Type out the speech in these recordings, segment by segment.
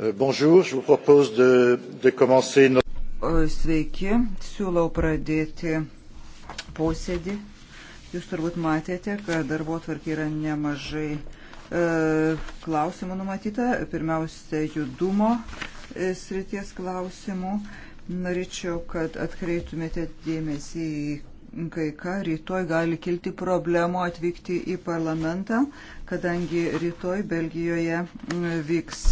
Euh, bonjour, je vous propose de, de commencer notre. Sveiki, siūlau pradėti posėdį. Jūs turbūt matėte, kad darbo tvarkė yra nemažai e, klausimų numatyta. Pirmiausia, judumo e, srities klausimų. Norėčiau, kad atkreiptumėte dėmesį į kai ką. Rytoj gali kilti problemų atvykti į parlamentą, kadangi rytoj Belgijoje vyks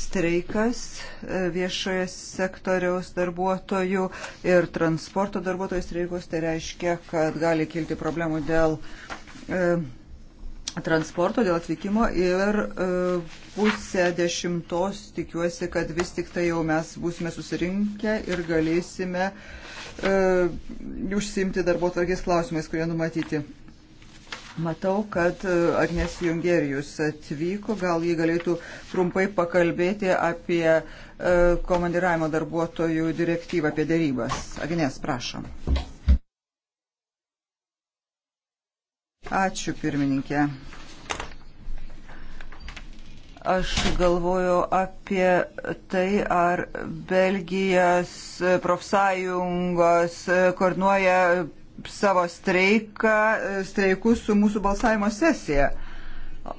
streikas e, viešojo sektoriaus darbuotojų ir transporto darbuotojų streikus. Tai reiškia, kad gali kilti problemų dėl e, transporto, dėl atvykimo ir e, pusę dešimtos tikiuosi, kad vis tik tai jau mes būsime susirinkę ir galėsime užsimti darbo tvarkės klausimais, kurie numatyti. Matau, kad e, Agnes Jungerijus atvyko, gal jį galėtų trumpai pakalbėti apie e, komandiravimo darbuotojų direktyvą, apie dėrybas. Agnes, prašom. Ačiū, pirmininkė. Aš galvoju apie tai, ar Belgijos profsąjungos koordinuoja savo streiką, streikus su mūsų balsavimo sesija.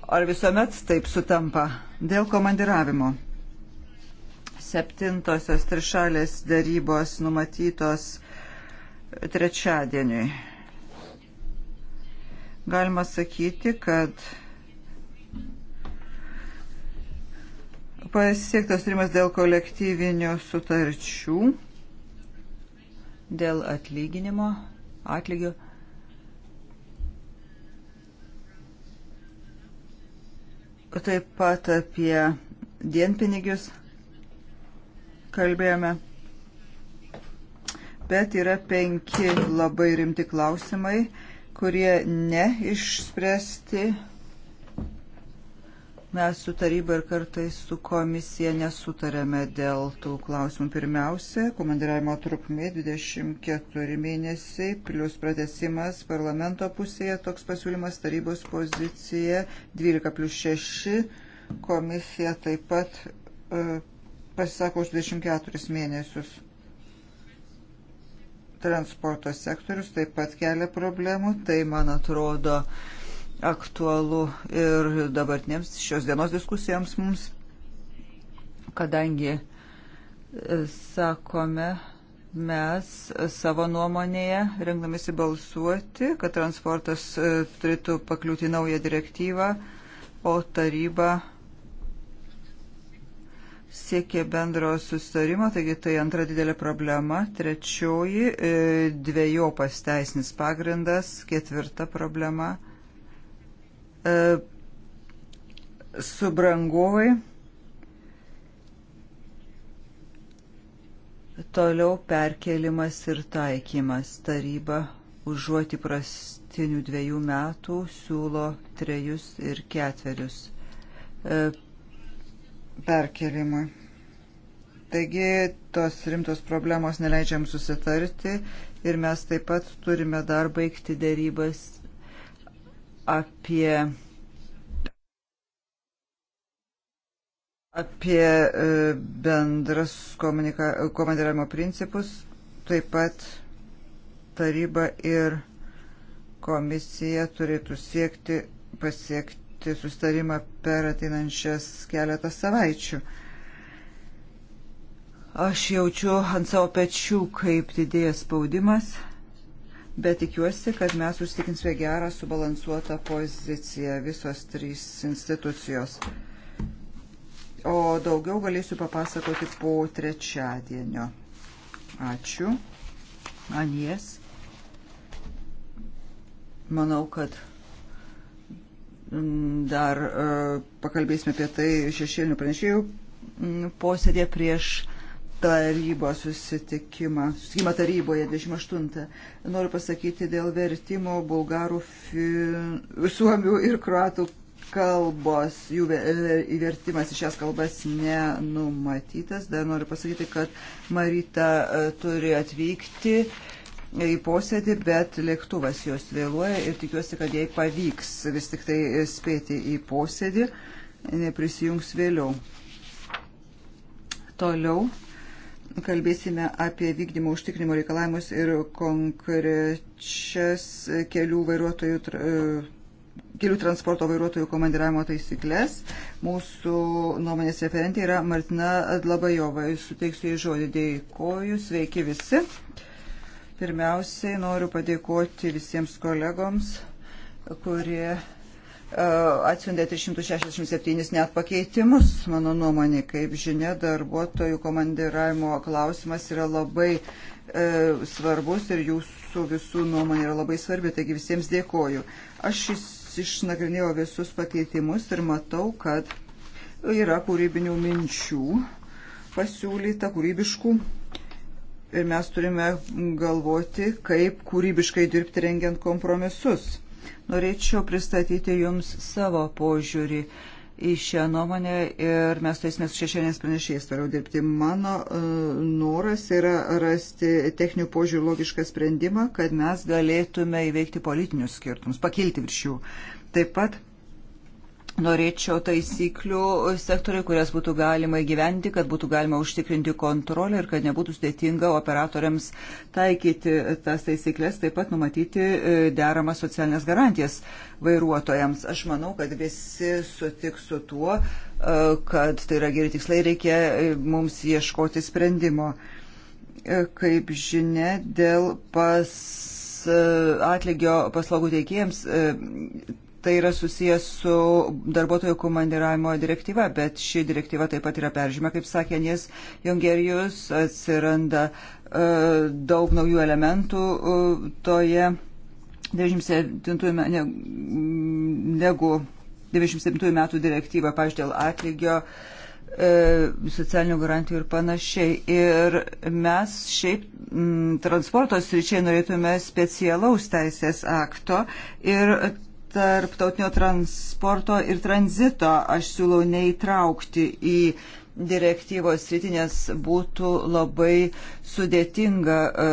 Ar visuomet taip sutampa dėl komandiravimo? Septintosios trišalės darybos numatytos trečiadieniui. Galima sakyti, kad pasiektas rimas dėl kolektyvinio sutarčių, dėl atlyginimo atlygio. Taip pat apie dienpinigius kalbėjome. Bet yra penki labai rimti klausimai, kurie neišspręsti Mes su taryba ir kartais su komisija nesutarėme dėl tų klausimų. Pirmiausia, komandiravimo trukmė 24 mėnesiai, plius pratesimas parlamento pusėje, toks pasiūlymas tarybos pozicija 12 plus 6, komisija taip pat e, pasisako už 24 mėnesius. Transporto sektorius taip pat kelia problemų, tai man atrodo, e, aktualu ir dabartinėms šios dienos diskusijoms mums, kadangi e, sakome mes savo nuomonėje, rengdamėsi balsuoti, kad transportas e, turėtų pakliūti naują direktyvą, o taryba siekė bendro sustarimo, taigi tai antra didelė problema, trečioji e, dviejopas teisinis pagrindas, ketvirta problema – E, subrangovai. Toliau perkelimas ir taikymas. Taryba užuoti prastinių dviejų metų siūlo trejus ir ketverius e, perkelimui. Taigi tos rimtos problemos neleidžiam susitarti ir mes taip pat turime dar baigti dėrybas apie, apie e, bendras komandiravimo principus, taip pat taryba ir komisija turėtų siekti pasiekti sustarimą per ateinančias keletą savaičių. Aš jaučiu ant savo pečių, kaip didėja spaudimas bet tikiuosi, kad mes užtikinsime gerą subalansuotą poziciją visos trys institucijos. O daugiau galėsiu papasakoti po trečiadienio. Ačiū. Anies. Manau, kad mm, dar e, pakalbėsime apie tai šešėlinių pranešėjų mm, posėdė prieš tarybos susitikimą, susitikimą taryboje 28. Noriu pasakyti dėl vertimo bulgarų, fin, suomių ir kroatų kalbos, jų e, įvertimas į šias kalbas nenumatytas. Dar noriu pasakyti, kad Marita e, turi atvykti į posėdį, bet lėktuvas jos vėluoja ir tikiuosi, kad jai pavyks vis tik tai spėti į posėdį, prisijungs vėliau. Toliau kalbėsime apie vykdymo užtikrinimo reikalavimus ir konkrečias kelių vairuotojų e, kelių transporto vairuotojų komandiravimo taisyklės. Mūsų nuomonės referentė yra Martina Dlabajova. Suteiksiu į žodį dėkoju. Sveiki visi. Pirmiausiai noriu padėkoti visiems kolegoms, kurie E, atsiuntė 367 net pakeitimus, mano nuomonė. Kaip žinia, darbuotojų komandiravimo klausimas yra labai e, svarbus ir jūsų visų nuomonė yra labai svarbi, taigi visiems dėkoju. Aš išnagrinėjau visus pakeitimus ir matau, kad yra kūrybinių minčių pasiūlyta, kūrybiškų ir mes turime galvoti, kaip kūrybiškai dirbti rengiant kompromisus. Norėčiau pristatyti Jums savo požiūrį į šią nuomonę ir mes turėsime su šešėlės pranešėjais toliau dirbti. Mano uh, noras yra rasti techninių požiūrį logišką sprendimą, kad mes galėtume įveikti politinius skirtumus, pakilti virš jų. Taip pat Norėčiau taisyklių sektoriai, kurias būtų galima įgyventi, kad būtų galima užtikrinti kontrolę ir kad nebūtų sudėtinga operatoriams taikyti tas taisyklės, taip pat numatyti e, deramas socialinės garantijas vairuotojams. Aš manau, kad visi sutiks su tuo, e, kad tai yra geri tikslai, reikia e, mums ieškoti sprendimo. Kaip žinia, dėl pas atlygio paslaugų teikėjams tai yra susijęs su darbuotojų komandiravimo direktyva, bet ši direktyva taip pat yra peržymė, kaip sakė Nies Jongerijus, atsiranda uh, daug naujų elementų uh, toje 97 ne, negu 97 metų direktyva, pažiūrėjau, dėl atlygio e, socialinių garantijų ir panašiai. Ir mes šiaip m, transporto sričiai norėtume specialaus teisės akto ir tarptautinio transporto ir tranzito aš siūlau neįtraukti į direktyvos rytinės būtų labai sudėtinga e,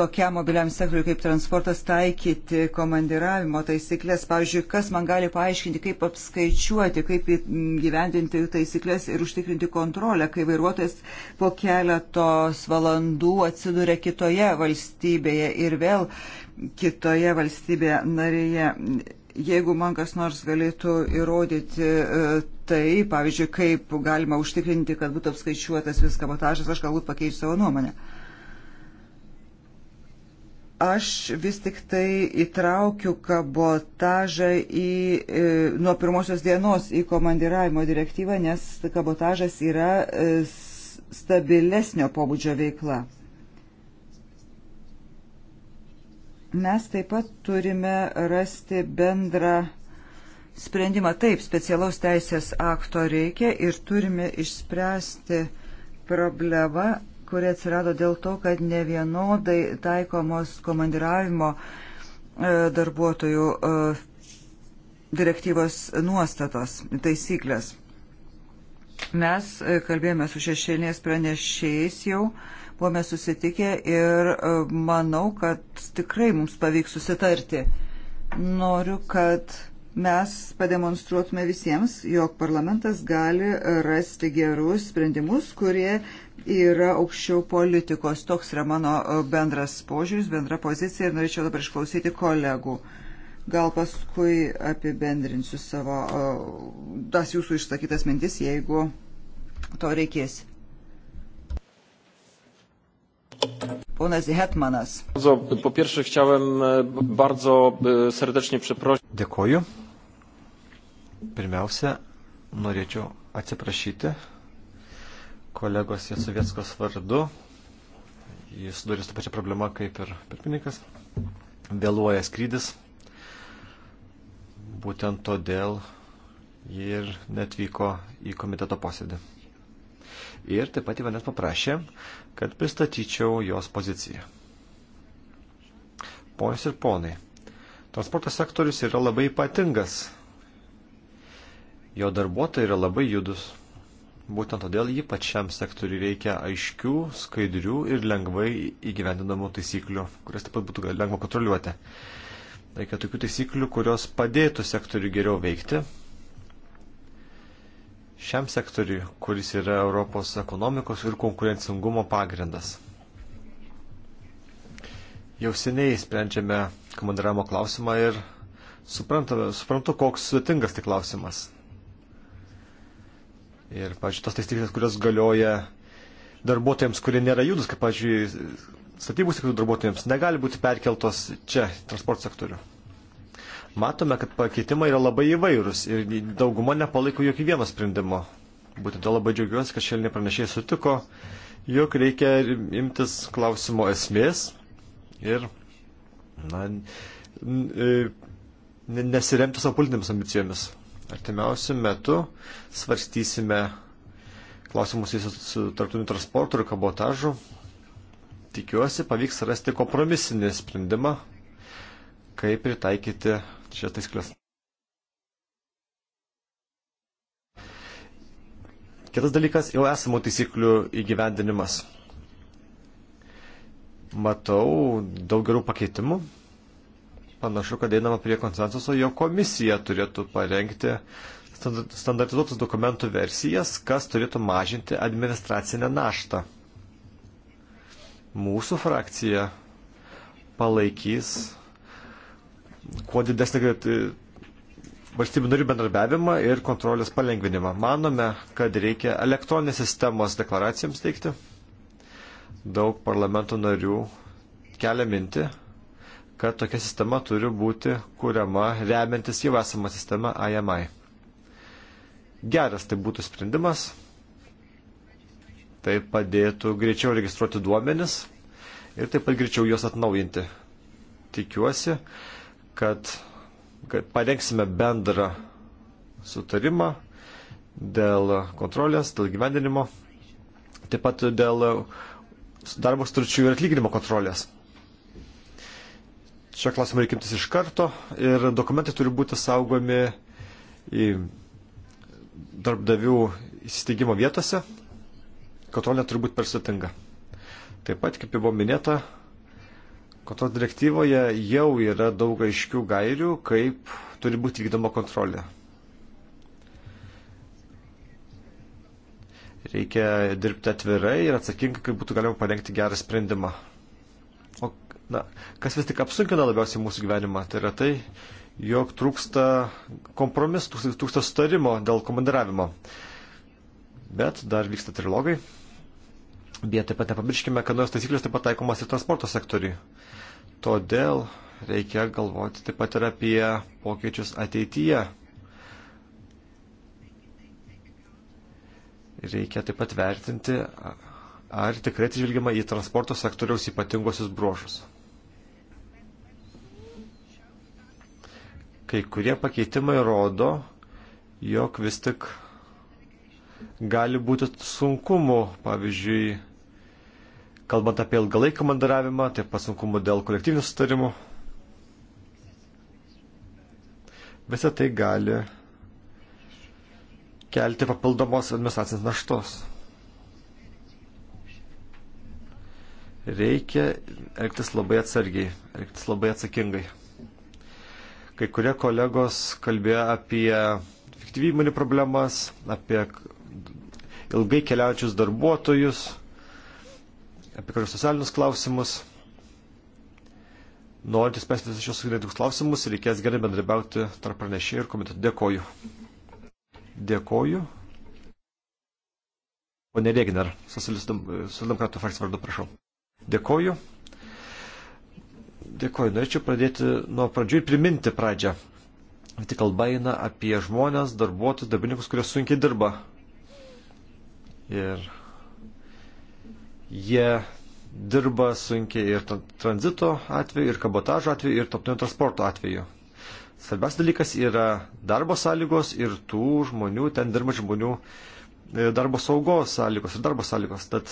tokiam mobiliam sektoriui kaip transportas taikyti komandiravimo taisyklės. Pavyzdžiui, kas man gali paaiškinti, kaip apskaičiuoti, kaip gyvendinti taisyklės ir užtikrinti kontrolę, kai vairuotojas po keletos valandų atsiduria kitoje valstybėje ir vėl kitoje valstybėje narėje Jeigu man kas nors galėtų įrodyti e, tai, pavyzdžiui, kaip galima užtikrinti, kad būtų apskaičiuotas vis kabotažas, aš galbūt pakeisiu savo nuomonę. Aš vis tik tai įtraukiu kabotažą į, e, nuo pirmosios dienos į komandiravimo direktyvą, nes kabotažas yra e, stabilesnio pobūdžio veikla. Mes taip pat turime rasti bendrą sprendimą. Taip, specialaus teisės akto reikia ir turime išspręsti problemą, kuri atsirado dėl to, kad ne vienodai taikomos komandiravimo e, darbuotojų e, direktyvos nuostatos, taisyklės. Mes e, kalbėjome su šešėlinės pranešėjais jau buvome susitikę ir e, manau, kad tikrai mums pavyks susitarti. Noriu, kad mes pademonstruotume visiems, jog parlamentas gali rasti gerus sprendimus, kurie yra aukščiau politikos. Toks yra mano e, bendras požiūris, bendra pozicija ir norėčiau dabar išklausyti kolegų. Gal paskui apibendrinsiu savo e, tas jūsų išsakytas mintis, jeigu to reikės. Ponas Hetmanas. Po pierwsze chciałem e, bardzo e, serdecznie przeprosić. Dėkoju. Pirmiausia, norėčiau atsiprašyti kolegos Jasovieckos vardu. Jis sudarė su pačia problema kaip ir pirmininkas. Vėluoja skrydis. Būtent todėl ir netvyko į komiteto posėdį. Ir taip pat Ivanas paprašė, kad pristatyčiau jos poziciją. Ponios ir ponai, transporto sektorius yra labai ypatingas. Jo darbuotojai yra labai judus. Būtent todėl ypač šiam sektoriui reikia aiškių, skaidrių ir lengvai įgyvendinamų taisyklių, kurias taip pat būtų lengva kontroliuoti. Reikia tokių taisyklių, kurios padėtų sektoriui geriau veikti, šiam sektoriui, kuris yra Europos ekonomikos ir konkurencingumo pagrindas. Jau seniai sprendžiame komandiravimo klausimą ir suprantame, suprantu, koks sudėtingas tai klausimas. Ir, pažiūrėjau, tos taisyklės, kurios galioja darbuotojams, kurie nėra judus, kaip, pažiūrėjau, statybų sektorių darbuotojams, negali būti perkeltos čia, transporto sektoriu. Matome, kad pakeitimai yra labai įvairūs ir dauguma nepalaiko jokių vieno sprendimo. Būtent to labai džiaugiuosi, kad šelniai pranešėjai sutiko, jog reikia imtis klausimo esmės ir na, e, nesiremti savo politinėmis ambicijomis. Artimiausiu metu svarstysime klausimus su tarptautiniu transportu ir kabotažu. Tikiuosi, pavyks rasti kompromisinį sprendimą, kaip pritaikyti šias taisyklės. Kitas dalykas - jau esamų taisyklių įgyvendinimas. Matau daug gerų pakeitimų. Panašu, kad einama prie konsensuso, jo komisija turėtų parengti standartizuotus dokumentų versijas, kas turėtų mažinti administracinę naštą. Mūsų frakcija palaikys kuo didesnį e, valstybių narių bendradarbiavimą ir kontrolės palengvinimą. Manome, kad reikia elektroninės sistemos deklaracijoms teikti. Daug parlamento narių kelia minti, kad tokia sistema turi būti kuriama remiantis jau esamą sistemą IMI. Geras tai būtų sprendimas. Tai padėtų greičiau registruoti duomenis ir taip pat greičiau juos atnaujinti. Tikiuosi, kad, kad parengsime bendrą sutarimą dėl kontrolės, dėl gyvendinimo, taip pat dėl darbo stručių ir atlyginimo kontrolės. Šio klausimo reikimtis iš karto ir dokumentai turi būti saugomi į darbdavių įsisteigimo vietose. Kontrolė turi būti per sutinga. Taip pat, kaip jau buvo minėta, Kontrolės direktyvoje jau yra daug aiškių gairių, kaip turi būti vykdoma kontrolė. Reikia dirbti atvirai ir atsakingai, kaip būtų galima parengti gerą sprendimą. O na, kas vis tik apsunkina labiausiai mūsų gyvenimą, tai yra tai, jog trūksta kompromisų, trūksta, trūksta sutarimo dėl komandiravimo. Bet dar vyksta trilogai. Bet taip pat nepamirškime, kad nors taisyklės taip pat taikomas ir transporto sektoriui. Todėl reikia galvoti taip pat ir apie pokyčius ateityje. Reikia taip pat vertinti, ar tikrai atsižvelgiama į transporto sektoriaus ypatingosius bruožus. Kai kurie pakeitimai rodo, jog vis tik gali būti sunkumų, pavyzdžiui, kalbant apie ilgalaikį komandaravimą, taip pat sunkumų dėl kolektyvinių sutarimų. Visą tai gali kelti papildomos administracinės naštos. Reikia elgtis labai atsargiai, elgtis labai atsakingai. Kai kurie kolegos kalbėjo apie fiktyvių įmonių problemas, apie ilgai keliaujančius darbuotojus, apie karius socialinius klausimus. Norint įspręsti visus šios sudėtingus klausimus, reikės gerai bendrabiauti tarp pranešėjų ir komitetų. Dėkoju. Dėkoju. Pone Regner, socialdemokratų frakcijos vardu, prašau. Dėkoju. Dėkoju. Norėčiau pradėti nuo pradžių ir priminti pradžią. Tai kalba eina apie žmonės, darbuotojus, darbininkus, kurie sunkiai dirba. Ir Jie dirba sunkiai ir tranzito atveju, ir kabotažo atveju, ir tarptautinio transporto atveju. Svarbiausias dalykas yra darbo sąlygos ir tų žmonių, ten dirba žmonių e, darbo saugos sąlygos ir darbo sąlygos. Tad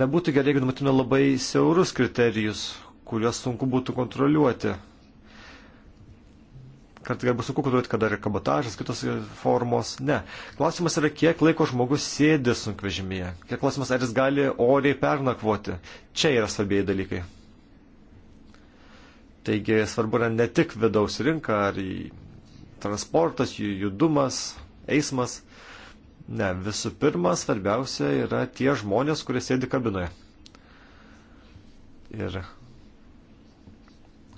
nebūtų gerai, jeigu numatytume labai siaurus kriterijus, kuriuos sunku būtų kontroliuoti kartais galbūt sunku kontroliuoti, kada yra kabotažas, kitos formos. Ne. Klausimas yra, kiek laiko žmogus sėdi sunkvežimėje. Kiek klausimas, ar jis gali oriai pernakvoti. Čia yra svarbėjai dalykai. Taigi svarbu yra ne tik vidaus rinka, ar transportas, judumas, eismas. Ne, visų pirma, svarbiausia yra tie žmonės, kurie sėdi kabinoje. Ir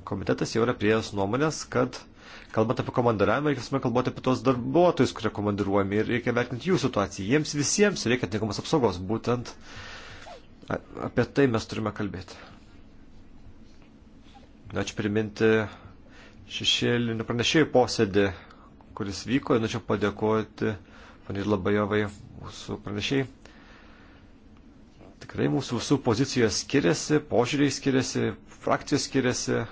komitetas jau yra priejas nuomonės, kad Kalbant apie komandiravimą, reikia kalbėti apie tos darbuotojus, kurie komandiruojami ir reikia vertinti jų situaciją. Jiems visiems reikia tinkamos apsaugos. Būtent apie tai mes turime kalbėti. Norėčiau priminti šešėlinį pranešėjų posėdį, kuris vyko ir norėčiau padėkoti paniai Labajovai mūsų pranešėjai. Tikrai mūsų visų pozicijos skiriasi, požiūriai skiriasi, frakcijos skiriasi,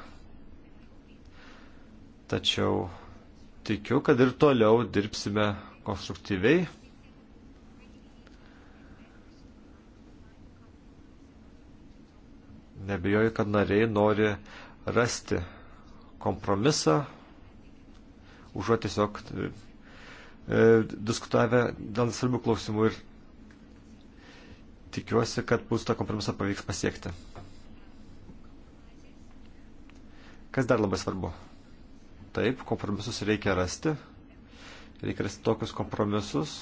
Tačiau tikiu, kad ir toliau dirbsime konstruktyviai. Nebijoju, kad nariai nori rasti kompromisą, užuot tiesiog e, diskutavę dėl svarbių klausimų ir tikiuosi, kad bus tą kompromisą pavyks pasiekti. Kas dar labai svarbu? Taip, kompromisus reikia rasti. Reikia rasti tokius kompromisus,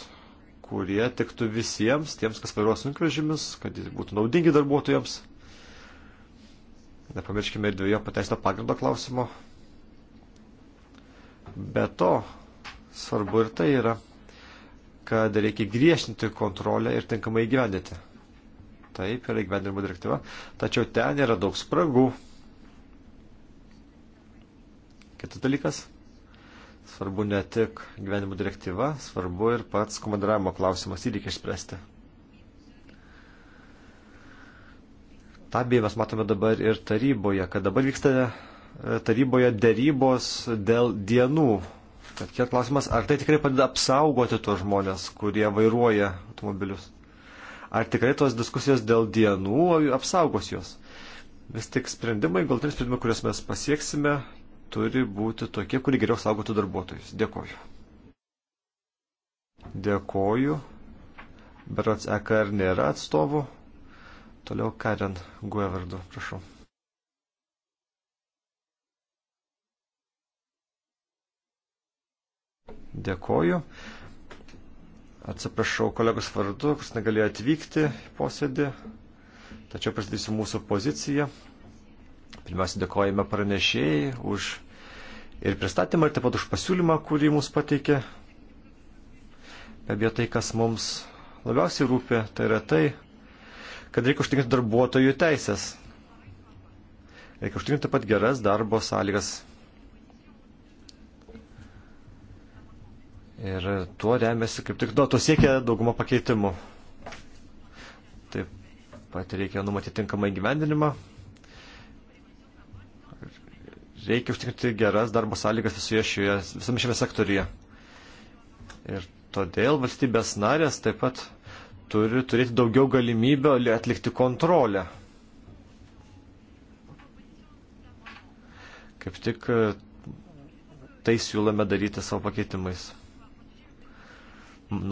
kurie tiktų visiems, tiems, kas vairuos sunkvežimis, kad jis būtų naudingi darbuotojams. Nepamirškime ir dviejų pateisino pagrindo klausimo. Be to, svarbu ir tai yra, kad reikia griežtinti kontrolę ir tinkamai įgyvendinti. Taip yra įgyvendinimo direktyva, tačiau ten yra daug spragų Kitas dalykas, svarbu ne tik gyvenimo direktyva, svarbu ir pats komandiravimo klausimas jį reikia išspręsti. Ta beje mes matome dabar ir taryboje, kad dabar vyksta e, taryboje dėrybos dėl dienų. Kad kiek klausimas, ar tai tikrai padeda apsaugoti tuos žmonės, kurie vairuoja automobilius? Ar tikrai tos diskusijos dėl dienų apsaugos juos? Vis tik sprendimai, galtiniai sprendimai, kuriuos mes pasieksime, turi būti tokie, kurie geriau saugotų darbuotojus. Dėkoju. Dėkoju. Berats EKR nėra atstovų. Toliau Karen Guevardu, prašau. Dėkoju. Atsiprašau kolegos vardu, kuris negalėjo atvykti į posėdį, tačiau pristatysiu mūsų poziciją. Pirmiausia, dėkojame pranešėjai už ir pristatymą, ir taip pat už pasiūlymą, kurį mums pateikė. Be abejo, tai, kas mums labiausiai rūpi, tai yra tai, kad reikia užtikrinti darbuotojų teisės. Reikia užtikrinti taip pat geras darbo sąlygas Ir tuo remiasi, kaip tik, nu, to siekia dauguma pakeitimų. Taip pat reikia numatyti tinkamą įgyvendinimą, reikia užtikrinti geras darbo sąlygas visoje šioje, visame šiame sektoriuje. Ir todėl valstybės narės taip pat turi turėti daugiau galimybę atlikti kontrolę. Kaip tik e, tai siūlome daryti savo pakeitimais.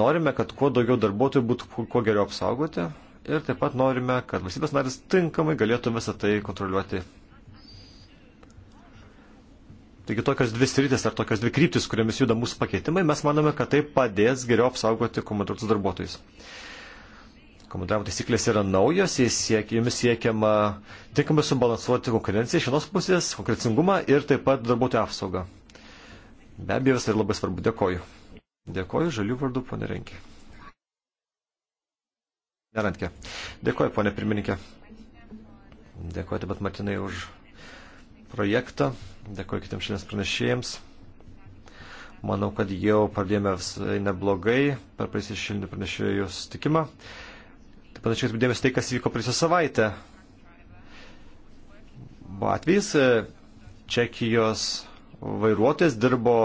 Norime, kad kuo daugiau darbuotojų būtų kuo geriau apsaugoti ir taip pat norime, kad valstybės narės tinkamai galėtų visą tai kontroliuoti Taigi tokios dvi sritis ar tokios dvi kryptis, kuriamis juda mūsų pakeitimai, mes manome, kad tai padės geriau apsaugoti komandiruotus darbuotojus. Komandiravimo taisyklės yra naujos, siek, jomis siekiama tinkamai subalansuoti konkurenciją iš vienos pusės, konkurencingumą ir taip pat darbuotojų apsaugą. Be abejo, visai labai svarbu. Dėkoju. Dėkoju žalių vardu, ponė Renkė. Nerankė. Dėkoju, ponė pirmininkė. Dėkoju taip pat Martinai už projektą. Dėkuoju kitiems šiandienos pranešėjams. Manau, kad jau pradėjome visai neblogai per praeisį šiandien pranešėjų sutikimą. Taip panašiai atbėdėmės tai, kas įvyko praeisį savaitę. Buvo atvejs, e, Čekijos vairuotojas dirbo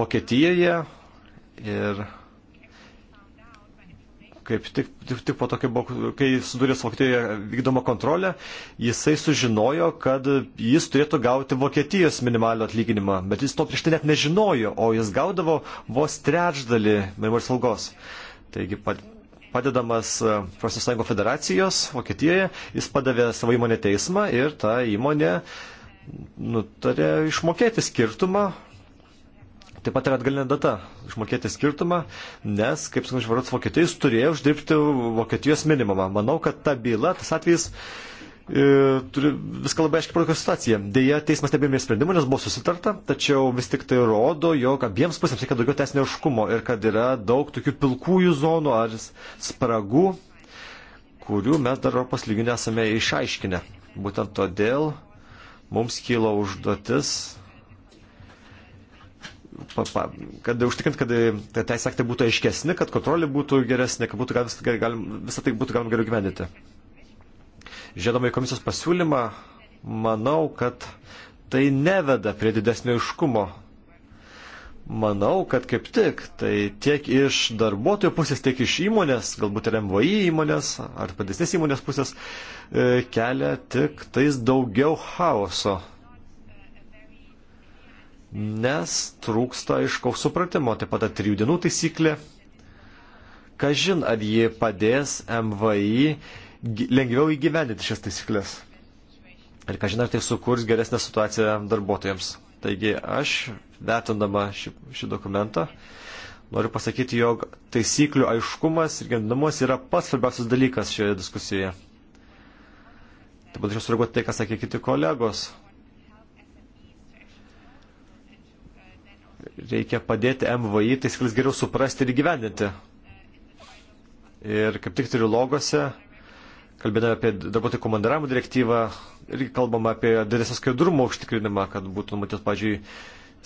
Vokietijoje ir kaip tik, tik, tik po to, kai, buvo, kai sudūrė su Vokietijoje vykdoma kontrolė, jisai sužinojo, kad jis turėtų gauti Vokietijos minimalų atlyginimą, bet jis to prieš tai net nežinojo, o jis gaudavo vos trečdalį minimalios algos. Taigi padedamas e, Profesinės sąjungo federacijos Vokietijoje, jis padavė savo įmonę teismą ir ta įmonė nutarė išmokėti skirtumą, Taip pat yra atgalinė data išmokėti skirtumą, nes, kaip sakau, žvarots Vokietijos turėjo uždirbti Vokietijos minimumą. Manau, kad ta byla, tas atvejis e, turi viską labai aiškiai parodo situaciją. Deja, teismas nebėmė sprendimų, nes buvo susitarta, tačiau vis tik tai rodo, jog abiems pusėms reikia daugiau teisinio iškumo ir kad yra daug tokių pilkųjų zonų ar spragų, kurių mes dar Europos lygių nesame išaiškinę. Būtent todėl mums kyla užduotis kad užtikrint, kad, e, kad teisės aktai būtų aiškesni, kad kontrolė būtų geresnė, kad būtų vis, tai galim, visą tai būtų galima geriau gyvendinti. Žiedama į komisijos pasiūlymą, manau, kad tai neveda prie didesnio iškumo. Manau, kad kaip tik, tai tiek iš darbuotojų pusės, tiek iš įmonės, galbūt ir MVI įmonės, ar padėsnės įmonės pusės, e, kelia tik tais daugiau chaoso nes trūksta aiškaus supratimo. Taip pat trijų dienų taisyklė. Kažin, ar ji padės MVI lengviau įgyvendinti šias taisyklės. Ir kažin, ar tai sukurs geresnę situaciją darbuotojams. Taigi aš, vertindama šį, šį dokumentą, noriu pasakyti, jog taisyklių aiškumas ir gandinamas yra pats svarbiausias dalykas šioje diskusijoje. Taip pat aš sureaguoti tai, ką sakė kiti kolegos. reikia padėti MVI taisyklės geriau suprasti ir gyvendinti. Ir kaip tik trilogose, kalbėdami apie darbuotojų komandiravimo direktyvą, irgi kalbam apie didesnį skaidrumo užtikrinimą, kad būtų numatytos, pažiūrėjau,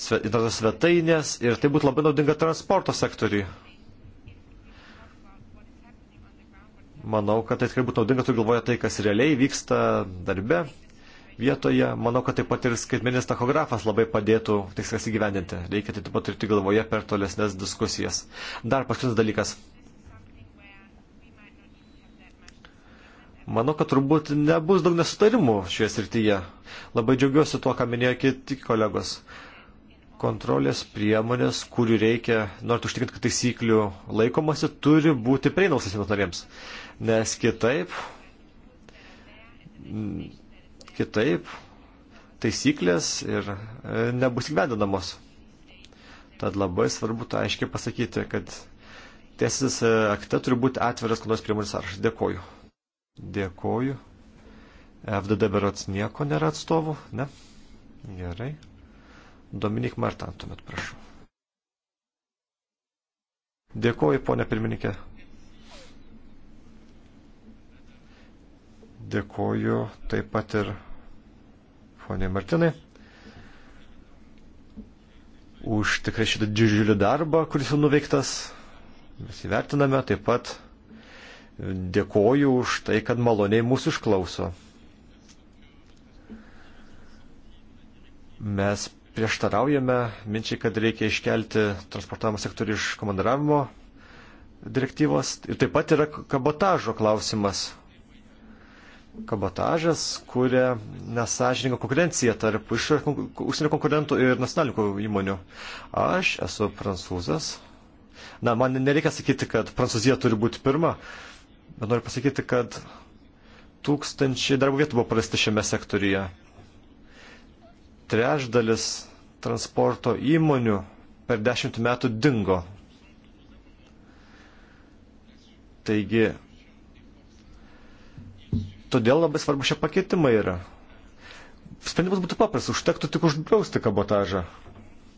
interneto svetainės ir tai būtų labai naudinga transporto sektoriui. Manau, kad tai tikrai būtų naudinga, tu galvoja tai, kas realiai vyksta darbe vietoje. Manau, kad taip pat ir skaitmenis tachografas labai padėtų tikslas įgyvendinti. Reikia tai taip pat turėti galvoje per tolesnės diskusijas. Dar paskutinis dalykas. Manau, kad turbūt nebus daug nesutarimų šioje srityje. Labai džiaugiuosi tuo, ką minėjo kiti kolegos kontrolės priemonės, kurių reikia, norint užtikrinti, kad taisyklių laikomasi, turi būti prieinamos visiems norėms. Nes kitaip Kitaip taisyklės ir e, nebus įgyvendinamos. Tad labai svarbu tą aiškiai pasakyti, kad teisės akte turi būti atviras kodos priemonės sąrašas. Dėkoju. Dėkoju. FDD berots nieko nėra atstovų, ne? Gerai. Dominik Martan, tuomet prašau. Dėkoju, ponė pirmininkė. Dėkoju taip pat ir ponė Martinai, už tikrai šitą didžiulį darbą, kuris jau nuveiktas. Mes įvertiname taip pat. Dėkoju už tai, kad maloniai mūsų išklauso. Mes prieštaraujame minčiai, kad reikia iškelti transportavimo sektorių iš komandaravimo direktyvos. Ir taip pat yra kabotažo klausimas, kabotažas kuria nesažininką konkurenciją tarp užsienio konkurentų ir nacionalinių įmonių. Aš esu prancūzas. Na, man nereikia sakyti, kad Prancūzija turi būti pirma, bet noriu pasakyti, kad tūkstančiai darbo vietų buvo prarasti šiame sektoriuje. Trečdalis transporto įmonių per dešimt metų dingo. Taigi Todėl labai svarbu šie pakeitimai yra. Sprendimas būtų paprastas, užtektų tik uždrausti kabotažą,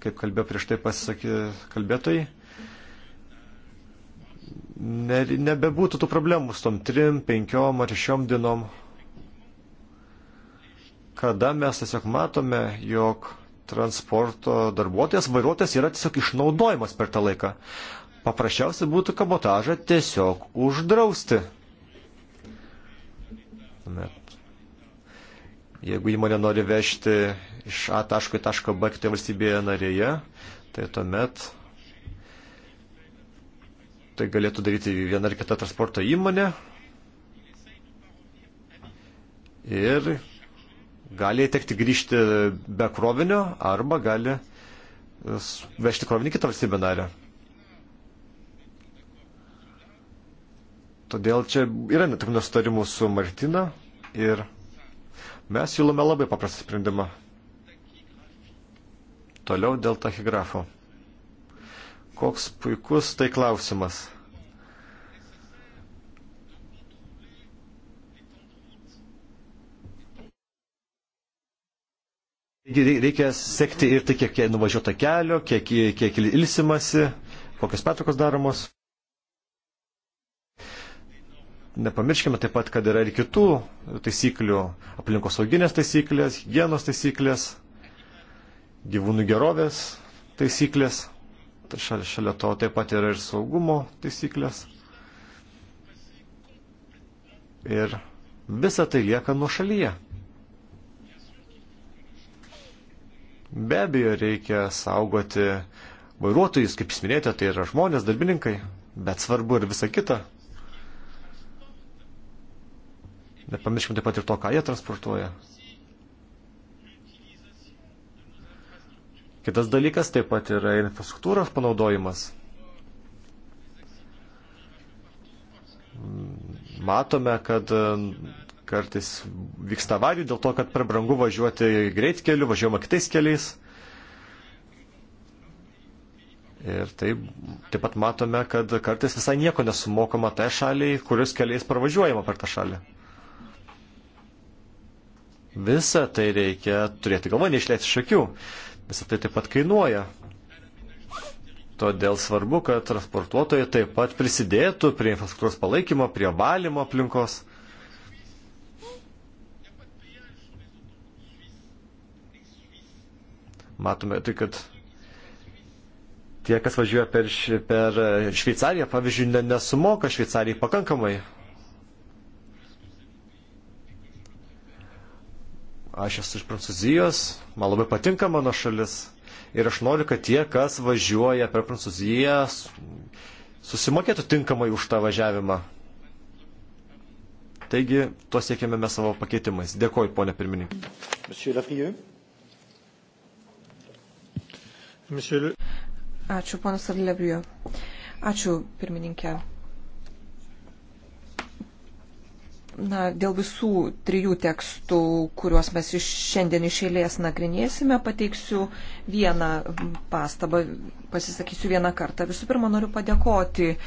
kaip kalbėjo prieš tai pasisakė kalbėtojai. Ne, nebebūtų tų problemų su tom trim, penkiom ar šiom dienom, kada mes tiesiog matome, jog transporto darbuotojas, vairuotojas yra tiesiog išnaudojimas per tą laiką. Paprasčiausia būtų kabotažą tiesiog uždrausti. Tuomet, jeigu įmonė nori vežti iš A taško į tašką B kitoje valstybėje narėje, tai tuomet tai galėtų daryti viena ar kita transporto įmonė ir gali tekti grįžti be krovinio arba gali vežti krovinį kitą valstybę narę. Todėl čia yra netikrinų sutarimų su Martina ir mes siūlome labai paprastą sprendimą. Toliau dėl tachigrafo. Koks puikus tai klausimas. Reikia sekti ir tai, kiek nuvažiuota kelio, kiek, kiek ilsimasi, kokios patrukos daromos. Nepamirškime taip pat, kad yra ir kitų taisyklių - aplinkosauginės taisyklės, hygienos taisyklės, gyvūnų gerovės taisyklės. Tai šalia, šalia to taip pat yra ir saugumo taisyklės. Ir visa tai lieka nuo šalyje. Be abejo, reikia saugoti vairuotojus, kaip jūs minėjote, tai yra žmonės, darbininkai, bet svarbu ir visa kita. Nepamirškime taip pat ir to, ką jie transportuoja. Kitas dalykas taip pat yra infrastruktūros panaudojimas. Matome, kad e, kartais vyksta avarijų dėl to, kad per brangu važiuoti greitkeliu, važiuojama kitais keliais. Ir taip, taip pat matome, kad kartais visai nieko nesumokama tai šaliai, kurios keliais pravažiuojama per tą šalį. Visą tai reikia turėti galvoje, neišleisti iš akių. Visą tai taip pat kainuoja. Todėl svarbu, kad transportuotojai taip pat prisidėtų prie infrastruktūros palaikymo, prie valymo aplinkos. Matome tai, kad tie, kas važiuoja per, per Šveicariją, pavyzdžiui, nesumoka Šveicarijai pakankamai Aš esu iš Prancūzijos, man labai patinka mano šalis ir aš noriu, kad tie, kas važiuoja per Prancūziją, susimokėtų tinkamai už tą važiavimą. Taigi, to siekėme mes savo pakeitimais. Dėkoju, ponė pirmininkė. Ačiū, ponas Arlebrijo. Ačiū, pirmininkė. na, dėl visų trijų tekstų, kuriuos mes iš šiandien iš eilės nagrinėsime, pateiksiu vieną pastabą, pasisakysiu vieną kartą. Visų pirma, noriu padėkoti e,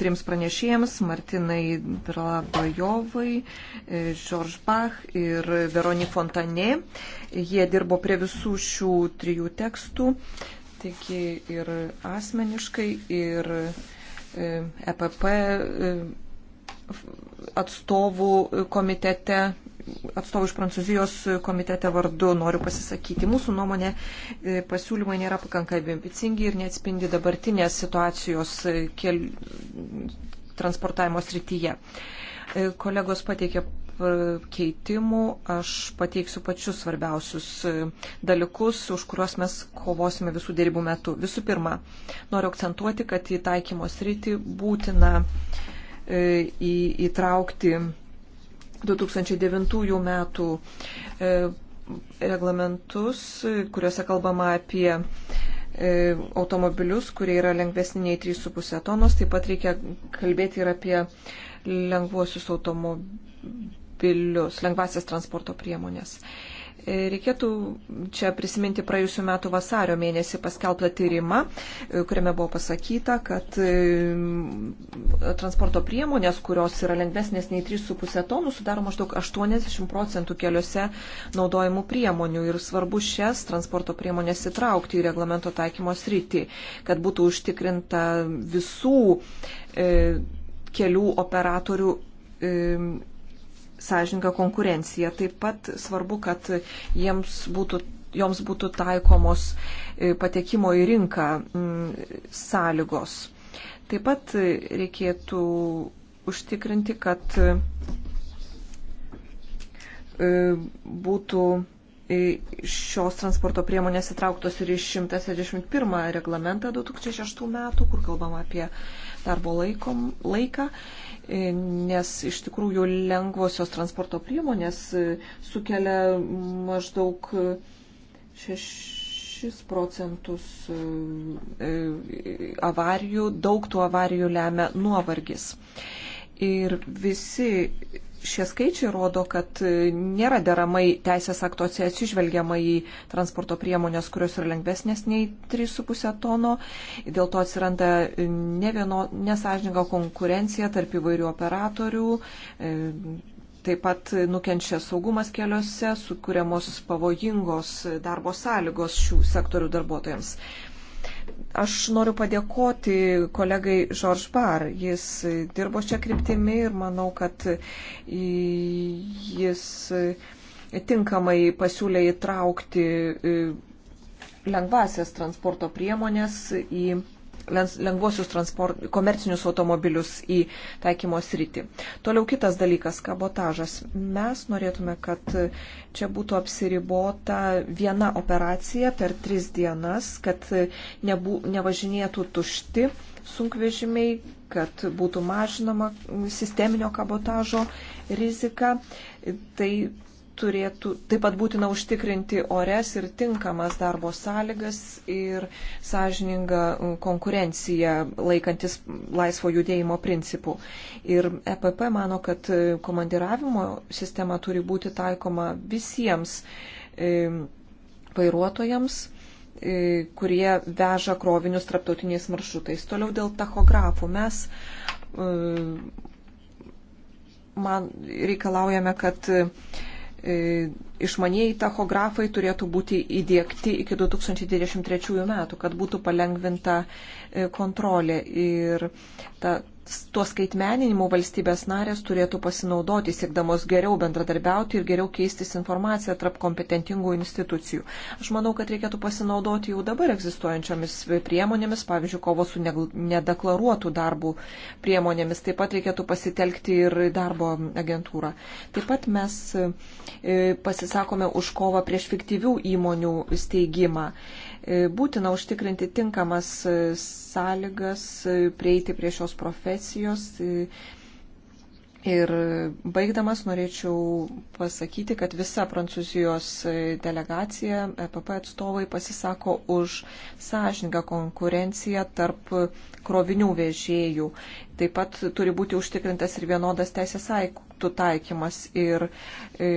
trims pranešėjams, Martinai Drabajovai, e, George Bach ir Veroni Fontane. Jie dirbo prie visų šių trijų tekstų, taigi ir asmeniškai, ir EPP e atstovų komitete, atstovų iš Prancūzijos komitete vardu noriu pasisakyti. Mūsų nuomonė e, pasiūlymai nėra pakankamai ambicingi ir neatspindi dabartinės situacijos e, kel... transportavimo srityje. E, kolegos pateikė keitimų, aš pateiksiu pačius svarbiausius dalykus, už kuriuos mes kovosime visų dėrybų metu. Visų pirma, noriu akcentuoti, kad į taikymo sritį būtina uh, E, į, įtraukti 2009 metų e, reglamentus, kuriuose kalbama apie e, automobilius, kurie yra lengvesni nei 3,5 tonos. Taip pat reikia kalbėti ir apie lengvuosius automobilius, lengvasias transporto priemonės. E, E, reikėtų čia prisiminti praėjusiu metu vasario mėnesį paskelbtą tyrimą, e, kuriame buvo pasakyta, kad e, transporto priemonės, kurios yra lengvesnės nei 3,5 tonų, sudaro maždaug 80 procentų keliuose naudojimų priemonių ir svarbu šias transporto priemonės įtraukti į reglamento taikymo sritį, kad būtų užtikrinta visų kelių operatorių sąžininką konkurenciją. Taip pat svarbu, kad jiems būtų, joms būtų taikomos e, patekimo į rinką mm, sąlygos. Taip pat reikėtų užtikrinti, kad e, būtų šios transporto priemonės įtrauktos ir į 161 reglamentą 2006 metų, kur kalbam apie darbo laikom, laiką, e, nes iš tikrųjų lengvosios transporto priemonės e, sukelia maždaug 6 e, procentus avarijų, daug tų avarijų lemia nuovargis. Ir visi šie skaičiai rodo, kad e, nėra deramai teisės aktuose atsižvelgiama į transporto priemonės, kurios yra lengvesnės nei 3,5 tono. Dėl to atsiranda e, ne vieno nesažininga konkurencija tarp įvairių operatorių. E, taip pat nukenčia saugumas keliuose, sukūriamos pavojingos darbo sąlygos šių sektorių darbuotojams. Aš noriu padėkoti kolegai Žorž Bar. Jis dirbo šią kryptimį ir manau, kad jis tinkamai pasiūlė įtraukti e, lengvasias transporto priemonės į lengvuosius transport, komercinius automobilius į taikymo sritį. Toliau kitas dalykas - kabotažas. Mes norėtume, kad čia būtų apsiribota viena operacija per tris dienas, kad nebū, nevažinėtų tušti sunkvežimiai, kad būtų mažinama sisteminio kabotažo rizika. Tai turėtų taip pat būtina užtikrinti ores ir tinkamas darbo sąlygas ir sąžiningą uh, konkurenciją laikantis laisvo judėjimo principų. Ir EPP mano, kad uh, komandiravimo sistema turi būti taikoma visiems e, vairuotojams e, kurie veža krovinius traptautiniais maršrutais. Toliau dėl tachografų. Mes e, man reikalaujame, kad e, E, išmanieji tachografai turėtų būti įdėkti iki 2023 metų, kad būtų palengvinta e, kontrolė. Ir ta tuo skaitmeninimu valstybės narės turėtų pasinaudoti, siekdamos geriau bendradarbiauti ir geriau keistis informaciją tarp kompetentingų institucijų. Aš manau, kad reikėtų pasinaudoti jau dabar egzistuojančiomis priemonėmis, pavyzdžiui, kovos su nedeklaruotų darbų priemonėmis. Taip pat reikėtų pasitelkti ir darbo agentūrą. Taip pat mes e, pasisakome už kovą prieš fiktyvių įmonių steigimą. E, būtina užtikrinti tinkamas e, sąlygas, e, prieiti prie šios profesijos. Ir baigdamas norėčiau pasakyti, kad visa Prancūzijos delegacija, EPP atstovai pasisako už sąžininką konkurenciją tarp krovinių vežėjų. Taip pat turi būti užtikrintas ir vienodas teisės aiktų taikymas ir e,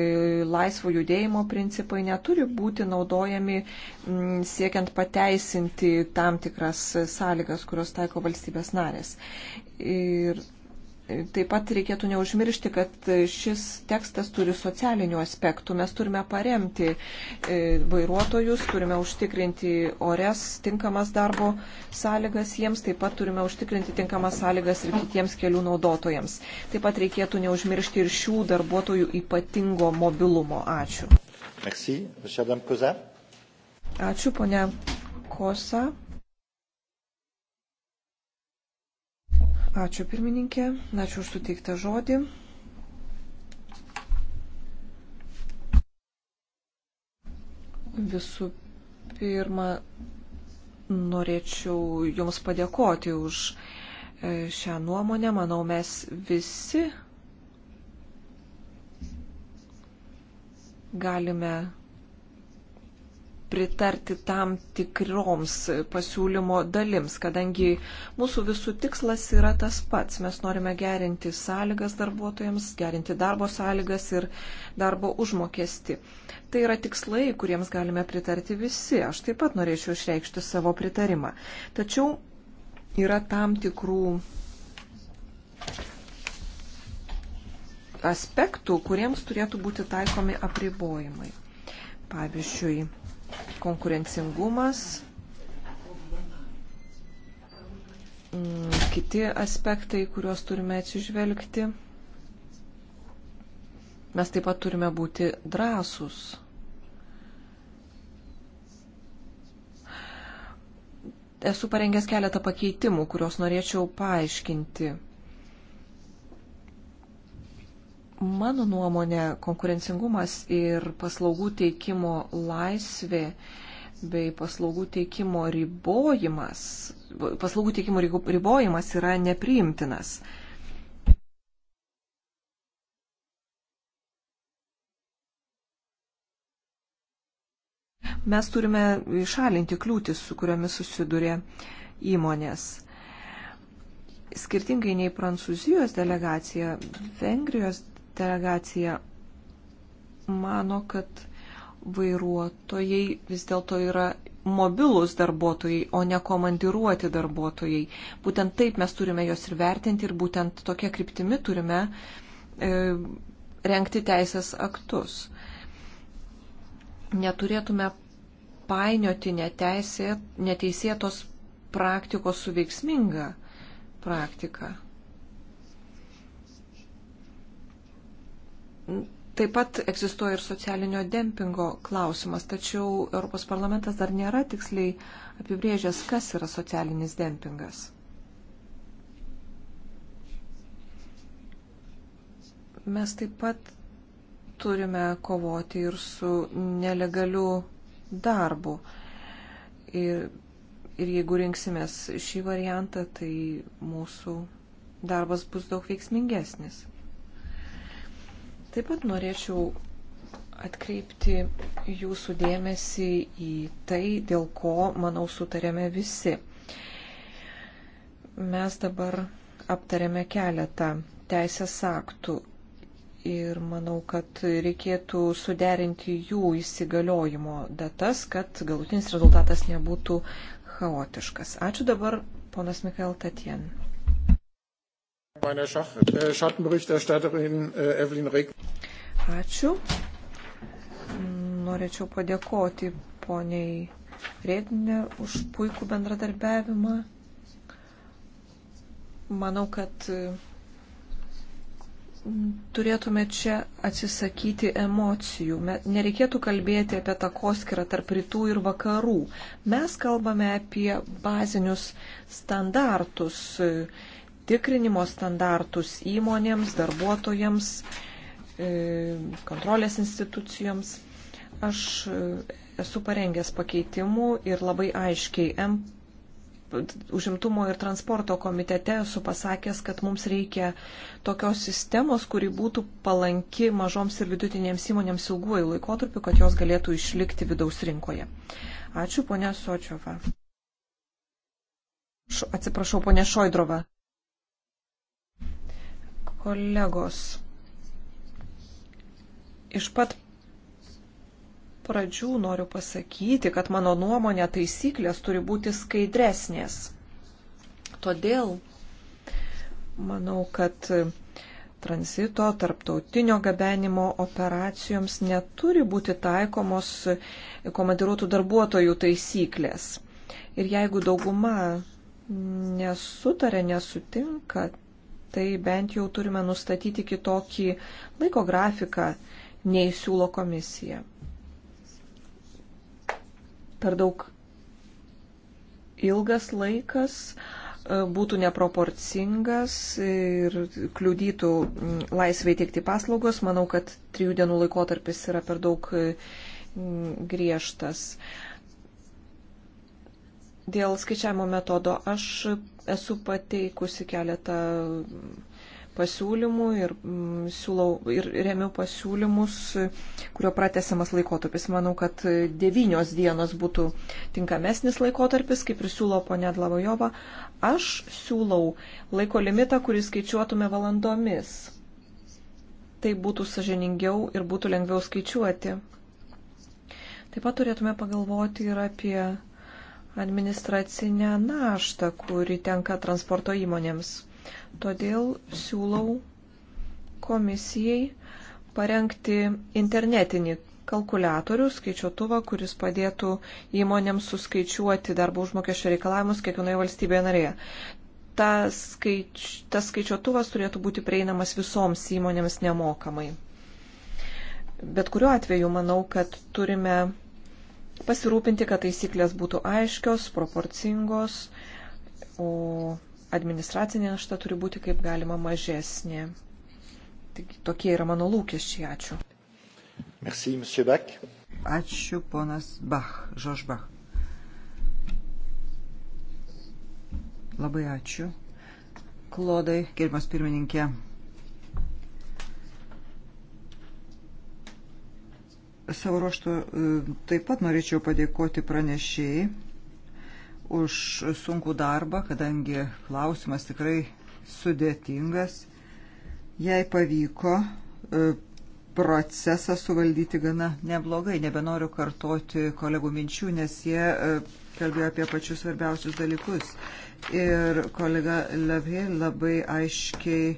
laisvo judėjimo principai neturi būti naudojami m, siekiant pateisinti tam tikras sąlygas, kurios taiko valstybės narės. Ir Taip pat reikėtų neužmiršti, kad šis tekstas turi socialinių aspektų. Mes turime paremti e, vairuotojus, turime užtikrinti ores tinkamas darbo sąlygas jiems, taip pat turime užtikrinti tinkamas sąlygas ir kitiems kelių naudotojams. Taip pat reikėtų neužmiršti ir šių darbuotojų ypatingo mobilumo. Ačiū. Merci, Ačiū, ponia Kosa. Ačiū pirmininkė, ačiū už suteiktą žodį. Visų pirma, norėčiau Jums padėkoti už e, šią nuomonę. Manau, mes visi galime pritarti tam tikroms pasiūlymo dalims, kadangi mūsų visų tikslas yra tas pats. Mes norime gerinti sąlygas darbuotojams, gerinti darbo sąlygas ir darbo užmokesti. Tai yra tikslai, kuriems galime pritarti visi. Aš taip pat norėčiau išreikšti savo pritarimą. Tačiau yra tam tikrų aspektų, kuriems turėtų būti taikomi apribojimai. Pavyzdžiui, konkurencingumas, mm, kiti aspektai, kuriuos turime atsižvelgti. Mes taip pat turime būti drąsus. Esu parengęs keletą pakeitimų, kuriuos norėčiau paaiškinti. Mano nuomonė, konkurencingumas ir paslaugų teikimo laisvė bei paslaugų teikimo ribojimas, paslaugų teikimo ribojimas yra nepriimtinas. Mes turime išalinti kliūtis, su kuriomis susiduria įmonės. Skirtingai nei Prancūzijos delegacija, Vengrijos delegacija mano, kad vairuotojai vis dėlto yra mobilūs darbuotojai, o ne komandiruoti darbuotojai. Būtent taip mes turime juos ir vertinti ir būtent tokia kryptimi turime e, renkti teisės aktus. Neturėtume painioti neteisė, neteisėtos praktikos su veiksminga praktika. Taip pat egzistuoja ir socialinio dempingo klausimas, tačiau Europos parlamentas dar nėra tiksliai apibrėžęs, kas yra socialinis dempingas. Mes taip pat turime kovoti ir su nelegaliu darbu. Ir, ir jeigu rinksimės šį variantą, tai mūsų darbas bus daug veiksmingesnis. Taip pat norėčiau atkreipti jūsų dėmesį į tai, dėl ko, manau, sutarėme visi. Mes dabar aptarėme keletą teisės aktų ir manau, kad reikėtų suderinti jų įsigaliojimo datas, kad galutinis rezultatas nebūtų chaotiškas. Ačiū dabar, ponas Mikael Tatien. Äh, äh, Ačiū. Norėčiau padėkoti poniai Rėdinė už puikų bendradarbiavimą. Manau, kad turėtume čia atsisakyti emocijų. Nereikėtų kalbėti apie takoskirą tarp rytų ir vakarų. Mes kalbame apie bazinius standartus tikrinimo standartus įmonėms, darbuotojams, e, kontrolės institucijoms. Aš e, esu parengęs pakeitimų ir labai aiškiai M užimtumo ir transporto komitete esu pasakęs, kad mums reikia tokios sistemos, kuri būtų palanki mažoms ir vidutinėms įmonėms ilguoju laikotarpiu, kad jos galėtų išlikti vidaus rinkoje. Ačiū, ponia Sočiova. Atsiprašau, ponia Šoidrova. Kolegos, iš pat pradžių noriu pasakyti, kad mano nuomonė taisyklės turi būti skaidresnės. Todėl manau, kad tranzito tarptautinio gabenimo operacijoms neturi būti taikomos komandiruotų darbuotojų taisyklės. Ir jeigu dauguma nesutarė, nesutinka, tai bent jau turime nustatyti kitokį laiko grafiką nei siūlo komisija. Per daug ilgas laikas e, būtų neproporcingas ir kliudytų laisvai teikti paslaugos. Manau, kad trijų dienų laikotarpis yra per daug e, griežtas. Dėl skaičiavimo metodo aš esu pateikusi keletą pasiūlymų ir, mm, siūlau, ir remiu pasiūlymus, kurio pratesiamas laikotarpis. Manau, kad devynios dienos būtų tinkamesnis laikotarpis, kaip ir siūlo ponė Dlavojova. Aš siūlau laiko limitą, kurį skaičiuotume valandomis. Tai būtų sažiningiau ir būtų lengviau skaičiuoti. Taip pat turėtume pagalvoti ir apie administracinę naštą, kuri tenka transporto įmonėms. Todėl siūlau komisijai parengti internetinį kalkulatorių, skaičiuotuvą, kuris padėtų įmonėms suskaičiuoti darbo užmokesčio reikalavimus kiekvienoje valstybėje narėje. Ta skaič... Tas skaičiuotuvas turėtų būti prieinamas visoms įmonėms nemokamai. Bet kuriuo atveju manau, kad turime pasirūpinti, kad taisyklės būtų aiškios, proporcingos, o administracinė našta turi būti kaip galima mažesnė. Taigi, tokie yra mano lūkesčiai. Ačiū. Merci, Ačiū, ponas Bach, Žož Bach. Labai ačiū. Klodai, gerbiamas pirmininkė. Savo ruoštų e, taip pat norėčiau padėkoti pranešėjai už sunkų darbą, kadangi klausimas tikrai sudėtingas. Jei pavyko e, procesą suvaldyti gana neblogai, nebenoriu kartoti kolegų minčių, nes jie e, kalbėjo apie pačius svarbiausius dalykus. Ir kolega Levė labai aiškiai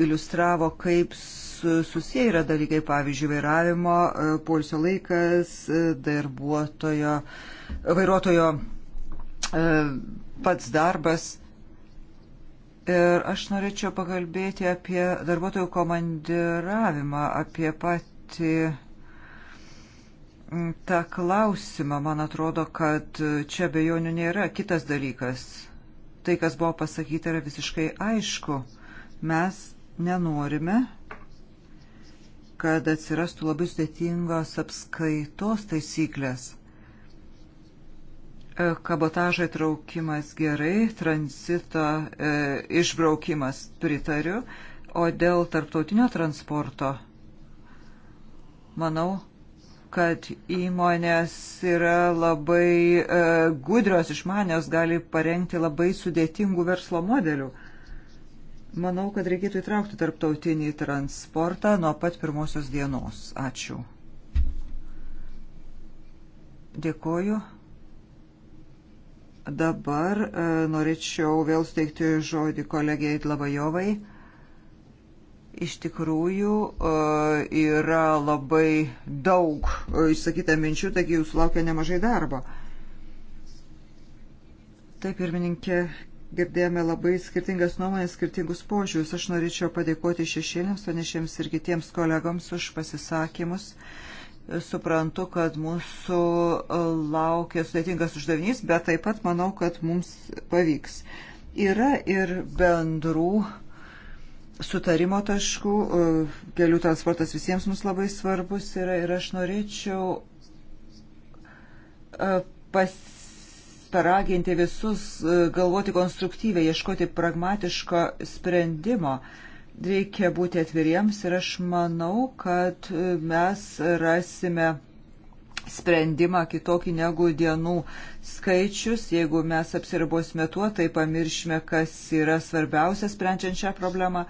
iliustravo, kaip susiję yra dalykai, pavyzdžiui, vairavimo, e, polsio laikas, e, darbuotojo, vairuotojo e, pats darbas. Ir aš norėčiau pakalbėti apie darbuotojų komandiravimą, apie patį tą klausimą. Man atrodo, kad čia bejonių nėra. Kitas dalykas. Tai, kas buvo pasakyta, yra visiškai aišku. Mes nenorime kad atsirastų labai sudėtingos apskaitos taisyklės. E, kabotažo įtraukimas gerai, tranzito e, išbraukimas pritariu, o dėl tarptautinio transporto manau, kad įmonės yra labai e, gudrios, išmanios, gali parengti labai sudėtingų verslo modelių. E, Manau, kad reikėtų įtraukti tarptautinį transportą nuo pat pirmosios dienos. Ačiū. Dėkoju. Dabar e, norėčiau vėl steigti žodį kolegijai Dlabajovai. Iš tikrųjų e, yra labai daug e, išsakyta minčių, taigi jūs laukia nemažai darbo. Taip, pirmininkė, girdėjome labai skirtingas nuomonės, skirtingus požiūrius. Aš norėčiau padėkoti šešėlėms, panešėms ir kitiems kolegoms už pasisakymus. Suprantu, kad mūsų laukia sudėtingas uždavinys, bet taip pat manau, kad mums pavyks. Yra ir bendrų sutarimo taškų, kelių transportas visiems mums labai svarbus yra ir aš norėčiau e, pas paraginti visus e, galvoti konstruktyviai, ieškoti pragmatiško sprendimo. Reikia būti atviriems ir aš manau, kad e, mes rasime sprendimą kitokį negu dienų skaičius. Jeigu mes apsiribosime tuo, tai pamiršime, kas yra svarbiausia sprendžiant šią problemą.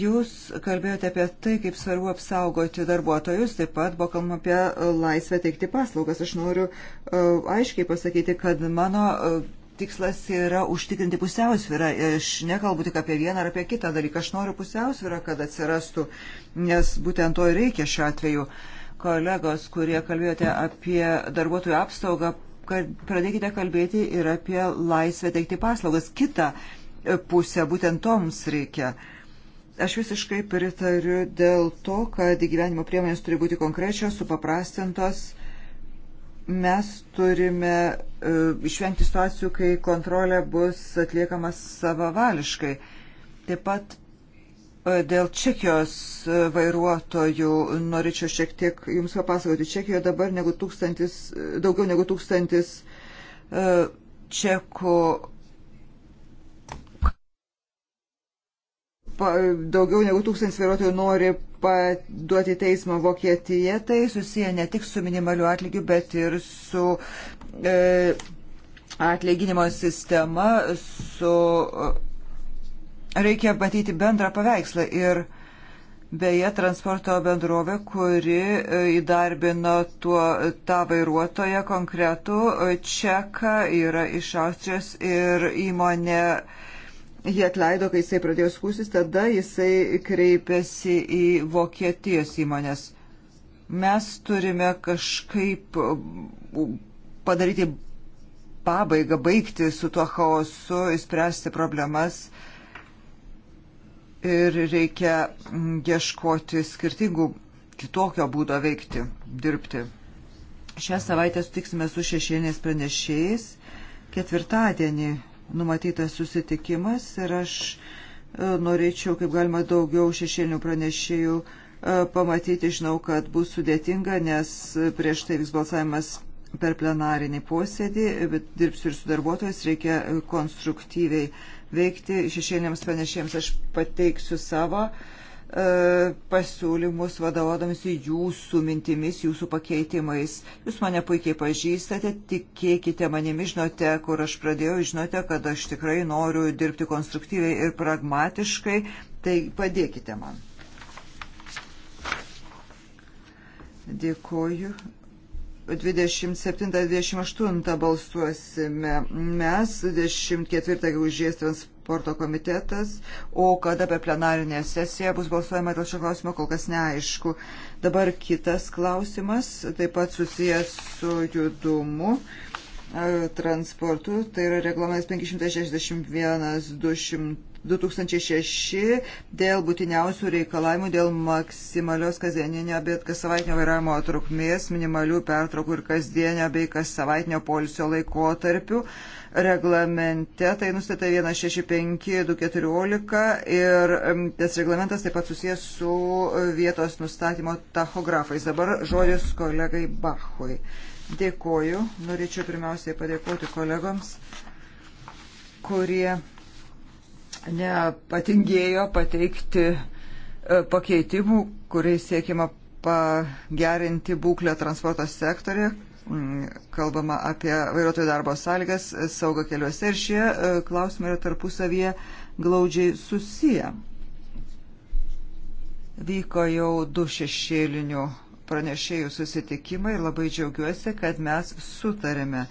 Jūs kalbėjote apie tai, kaip svarbu apsaugoti darbuotojus, taip pat buvo kalbama apie e, laisvę teikti paslaugas. Aš noriu e, aiškiai pasakyti, kad mano e, tikslas yra užtikrinti pusiausvyrą. Aš nekalbu tik apie vieną ar apie kitą dalyką. Aš noriu pusiausvyrą, kad atsirastų, nes būtent to ir reikia šiuo atveju. Kolegos, kurie kalbėjote apie darbuotojų apsaugą, kad pradėkite kalbėti ir apie laisvę teikti paslaugas. Kita pusė, būtent to mums reikia. Uh, Aš visiškai pritariu dėl to, kad gyvenimo priemonės turi būti konkrečios, supaprastintos. Mes turime uh, išvengti situacijų, kai kontrolė bus atliekama savavališkai. Taip pat e, Dėl Čekijos e, vairuotojų norėčiau šiek tiek Jums papasakoti. Čekijoje dabar negu tūkstantis, daugiau negu tūkstantis čekų daugiau negu tūkstantis vairuotojų nori paduoti teismą Vokietiją, tai susiję ne tik su minimaliu atlygiu, bet ir su e, atlyginimo sistema, su. E, reikia matyti bendrą paveikslą ir beje transporto bendrovė, kuri e, įdarbino tuo, tą vairuotoją konkretų e, čeką, yra iš Austrijos ir įmonė e, Jie atleido, kai jisai pradėjo skūsis, tada jisai kreipėsi į Vokietijos įmonės. Mes turime kažkaip um, padaryti pabaigą, baigti su tuo chaosu, įspręsti problemas ir reikia mm, ieškoti skirtingų kitokio būdo veikti, dirbti. Šią savaitę sutiksime su šešėnės pranešėjais. Ketvirtadienį numatytas susitikimas ir aš e, norėčiau, kaip galima daugiau šešėlinių pranešėjų e, pamatyti, žinau, kad bus sudėtinga, nes prieš tai vyks balsavimas per plenarinį posėdį, bet dirbsiu ir su darbuotojais, reikia konstruktyviai veikti. Šešėliniams pranešėjams aš pateiksiu savo uh, E, pasiūlymus vadovaudamis jūsų mintimis, jūsų pakeitimais. Jūs mane puikiai pažįstate, tikėkite manimi, žinote, kur aš pradėjau, žinote, kad aš tikrai noriu dirbti konstruktyviai ir pragmatiškai, tai padėkite man. Dėkoju. 27-28 balsuosime mes, 24 gegužės trans, transporto komitetas, o kada per plenarinę sesiją bus balsuojama dėl šio klausimo, kol kas neaišku. Dabar kitas klausimas, taip pat susijęs su judumu e, transportu, tai yra reglamentas 561 2006 dėl būtiniausių reikalavimų dėl maksimalios kasdieninio, bet kas savaitinio vairavimo trukmės, minimalių pertraukų ir kasdienio bei kas savaitinio polisio laikotarpių reglamente, tai nustatyta 165-214 ir tas reglamentas taip pat susijęs su vietos nustatymo tachografais. Dabar žodis kolegai Bachui. Dėkoju. Norėčiau pirmiausiai padėkoti kolegoms, kurie nepatingėjo pateikti e, pakeitimų, kuriais siekima pagerinti būklę transporto sektorė, Mm, kalbama apie vairuotojų darbo sąlygas, e, saugą keliuose ir šie e, klausimai yra tarpusavyje glaudžiai susiję. Vyko jau du šešėlinių pranešėjų susitikimai ir labai džiaugiuosi, kad mes sutarėme.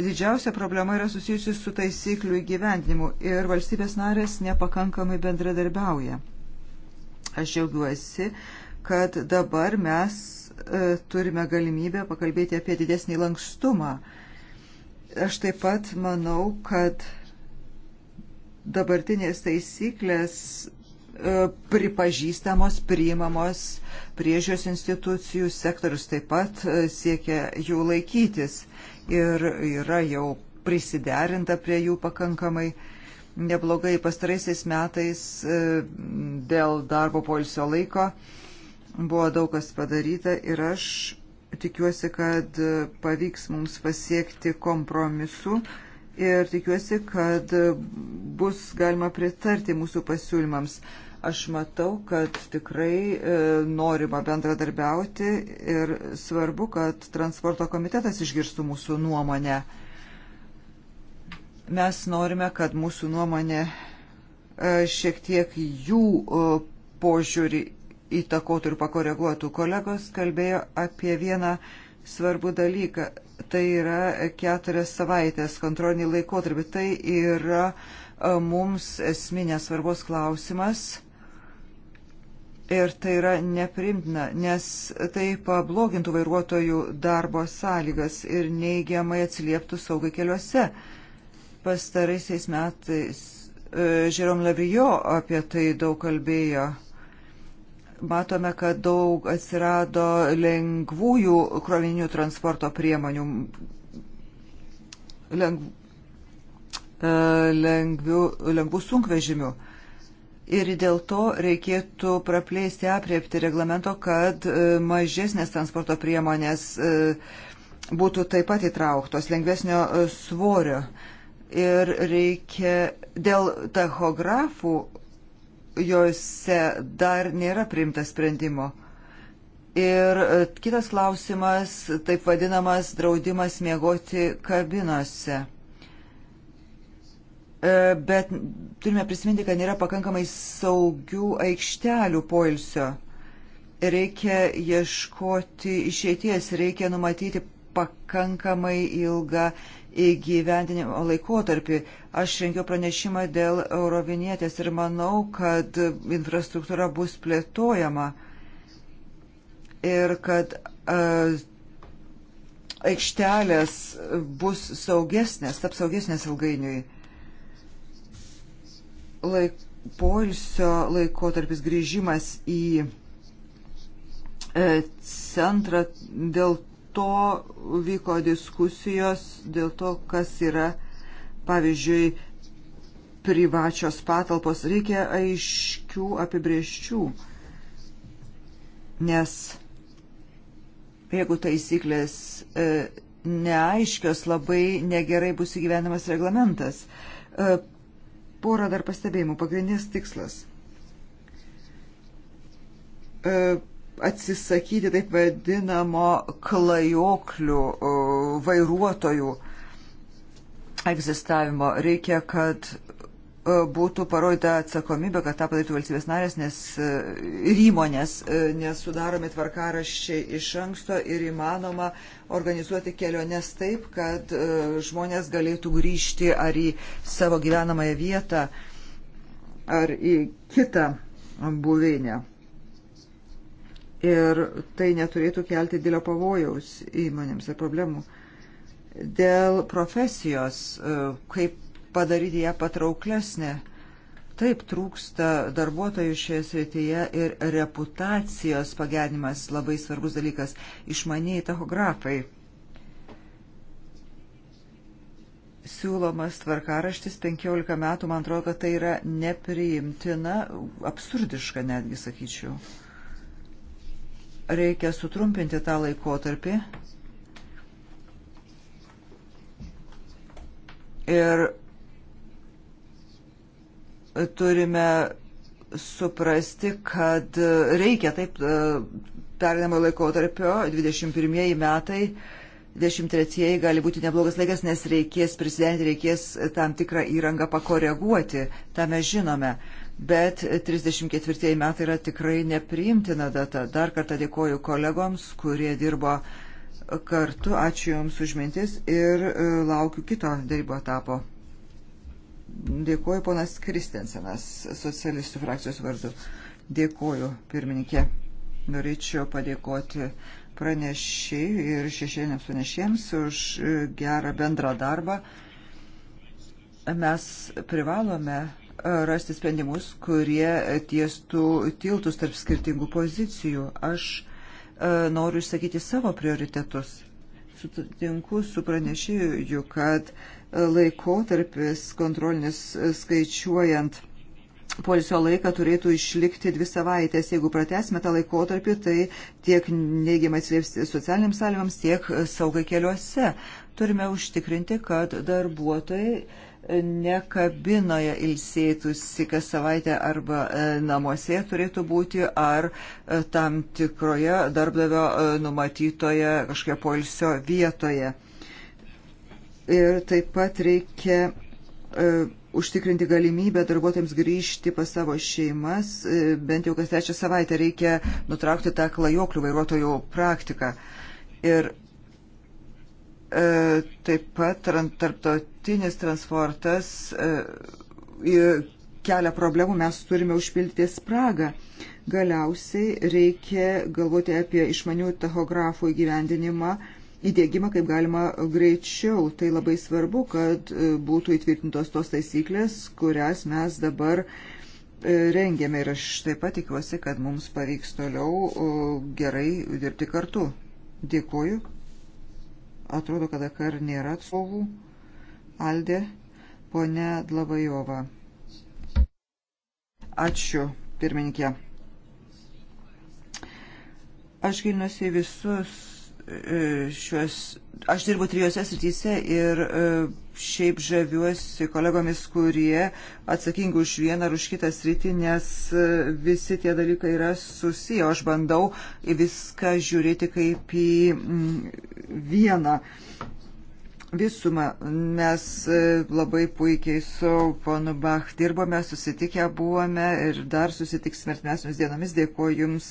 Didžiausia problema yra susijusi su taisyklių įgyvendinimu ir valstybės narės nepakankamai bendradarbiauja. Aš džiaugiuosi, kad dabar mes E, turime galimybę pakalbėti apie didesnį lankstumą. Aš taip pat manau, kad dabartinės taisyklės e, pripažįstamos, priimamos priežios institucijų sektorius taip pat e, siekia jų laikytis ir yra jau prisiderinta prie jų pakankamai neblogai pastaraisiais metais dėl darbo polisio laiko Buvo daug kas padaryta ir aš tikiuosi, kad pavyks mums pasiekti kompromisu ir tikiuosi, kad bus galima pritarti mūsų pasiūlymams. Aš matau, kad tikrai e, norima bendradarbiauti ir svarbu, kad transporto komitetas išgirstų mūsų nuomonę. Mes norime, kad mūsų nuomonė e, šiek tiek jų e, požiūrį įtakotų ir pakoreguotų. Kolegos kalbėjo apie vieną svarbų dalyką. Tai yra keturias savaitės kontrolinį laikotarpį. Tai yra e, mums esminės svarbos klausimas. Ir tai yra neprimtina, nes tai pablogintų vairuotojų darbo sąlygas ir neigiamai atsilieptų saugai keliuose. Pastaraisiais metais Žerom e, Lavrijo apie tai daug kalbėjo matome, kad daug atsirado lengvųjų krovinių transporto priemonių, lengv, e, lengvių, lengvų sunkvežimių. Ir dėl to reikėtų praplėsti apriepti reglamento, kad e, mažesnės transporto priemonės e, būtų taip pat įtrauktos lengvesnio svorio. Ir reikia dėl tachografų jose dar nėra priimta sprendimo. Ir e, kitas klausimas, taip vadinamas draudimas miegoti kabinose. E, bet turime prisiminti, kad nėra pakankamai saugių aikštelių poilsio. Reikia ieškoti išeities, reikia numatyti pakankamai ilgą įgyvendinimo laikotarpį. Aš rengiau pranešimą dėl eurovinietės ir manau, kad infrastruktūra bus plėtojama ir kad uh, aikštelės bus saugesnės, taps saugesnės ilgainiui. Laik, poilsio laikotarpis grįžimas į e, centrą dėl to vyko diskusijos dėl to, kas yra, pavyzdžiui, privačios patalpos. Reikia aiškių apibrieščių, nes jeigu taisyklės e, neaiškios, labai negerai bus įgyvenamas reglamentas. E, Porą dar pastebėjimų. Pagrindinis tikslas. E, atsisakyti taip vadinamo klajoklių vairuotojų egzistavimo. Reikia, kad būtų parodyta atsakomybė, kad tą padarytų valstybės narės nes, e, ir įmonės, e, nes sudaromi tvarkaraščiai iš anksto ir įmanoma organizuoti keliones taip, kad e, žmonės galėtų grįžti ar į savo gyvenamąją vietą, ar į kitą buveinę ir tai neturėtų kelti didelio pavojaus įmonėms ir problemų. Dėl profesijos, e, kaip padaryti ją patrauklesnę, taip trūksta darbuotojų šioje srityje ir reputacijos pagerinimas labai svarbus dalykas - išmaniai tachografai. Siūlomas tvarkaraštis 15 metų, man atrodo, kad tai yra nepriimtina, absurdiška netgi sakyčiau reikia sutrumpinti tą laikotarpį. Ir turime suprasti, kad reikia taip e, perinamo laikotarpio 21 metai 23 gali būti neblogas laikas, nes reikės prisidengti, reikės tam tikrą įrangą pakoreguoti. Ta mes žinome bet 34 metai yra tikrai nepriimtina data. Dar kartą dėkoju kolegoms, kurie dirbo kartu. Ačiū Jums už mintis ir e, laukiu kito darybo etapo. Dėkoju ponas Kristensenas, socialistų frakcijos vardu. Dėkoju, pirmininkė. Norėčiau padėkoti pranešėjai ir šešėliniams pranešėjams už e, gerą bendrą darbą. Mes privalome rasti sprendimus, kurie tiestų tiltus tarp skirtingų pozicijų. Aš e, noriu išsakyti savo prioritetus. Sutinku su pranešėju, kad e, laikotarpis kontrolinis e, skaičiuojant polisio laiką turėtų išlikti dvi savaitės. Jeigu pratesime tą laikotarpį, tai tiek neigiamai atsilieps socialiniams sąlygams, tiek saugai keliuose. Turime užtikrinti, kad darbuotojai ne kabinoje ilsėtųsi kas savaitę arba e, namuose turėtų būti, ar e, tam tikroje darbdavio e, numatytoje kažkokia poilsio vietoje. Ir taip pat reikia užtikrinti galimybę darbuotojams grįžti pas savo šeimas, bent jau kas trečią savaitę reikia nutraukti tą klajoklių vairuotojų praktiką. Ir E, taip pat tarptautinis transportas e, kelia problemų, mes turime užpildyti spragą. Galiausiai reikia galvoti apie išmanių tachografų įgyvendinimą, įdėgymą kaip galima greičiau. Tai labai svarbu, kad e, būtų įtvirtintos tos taisyklės, kurias mes dabar rengėme ir aš taip pat tikiuosi, kad mums pavyks toliau gerai dirbti kartu. Dėkuoju atrodo, kad Dakar nėra atstovų. Aldė, ponia Dlavajova. Ačiū, pirmininkė. Aš gilinuosi visus E, šiuos, aš dirbu trijose srityse ir e, šiaip žaviuosi kolegomis, kurie atsakingi už vieną ar už kitą sritį, nes e, visi tie dalykai yra susiję. Aš bandau į viską žiūrėti kaip į vieną visumą mes e, labai puikiai su ponu Bach dirbome, susitikę buvome ir dar susitiksime artimesnėmis dienomis. Dėkuoju Jums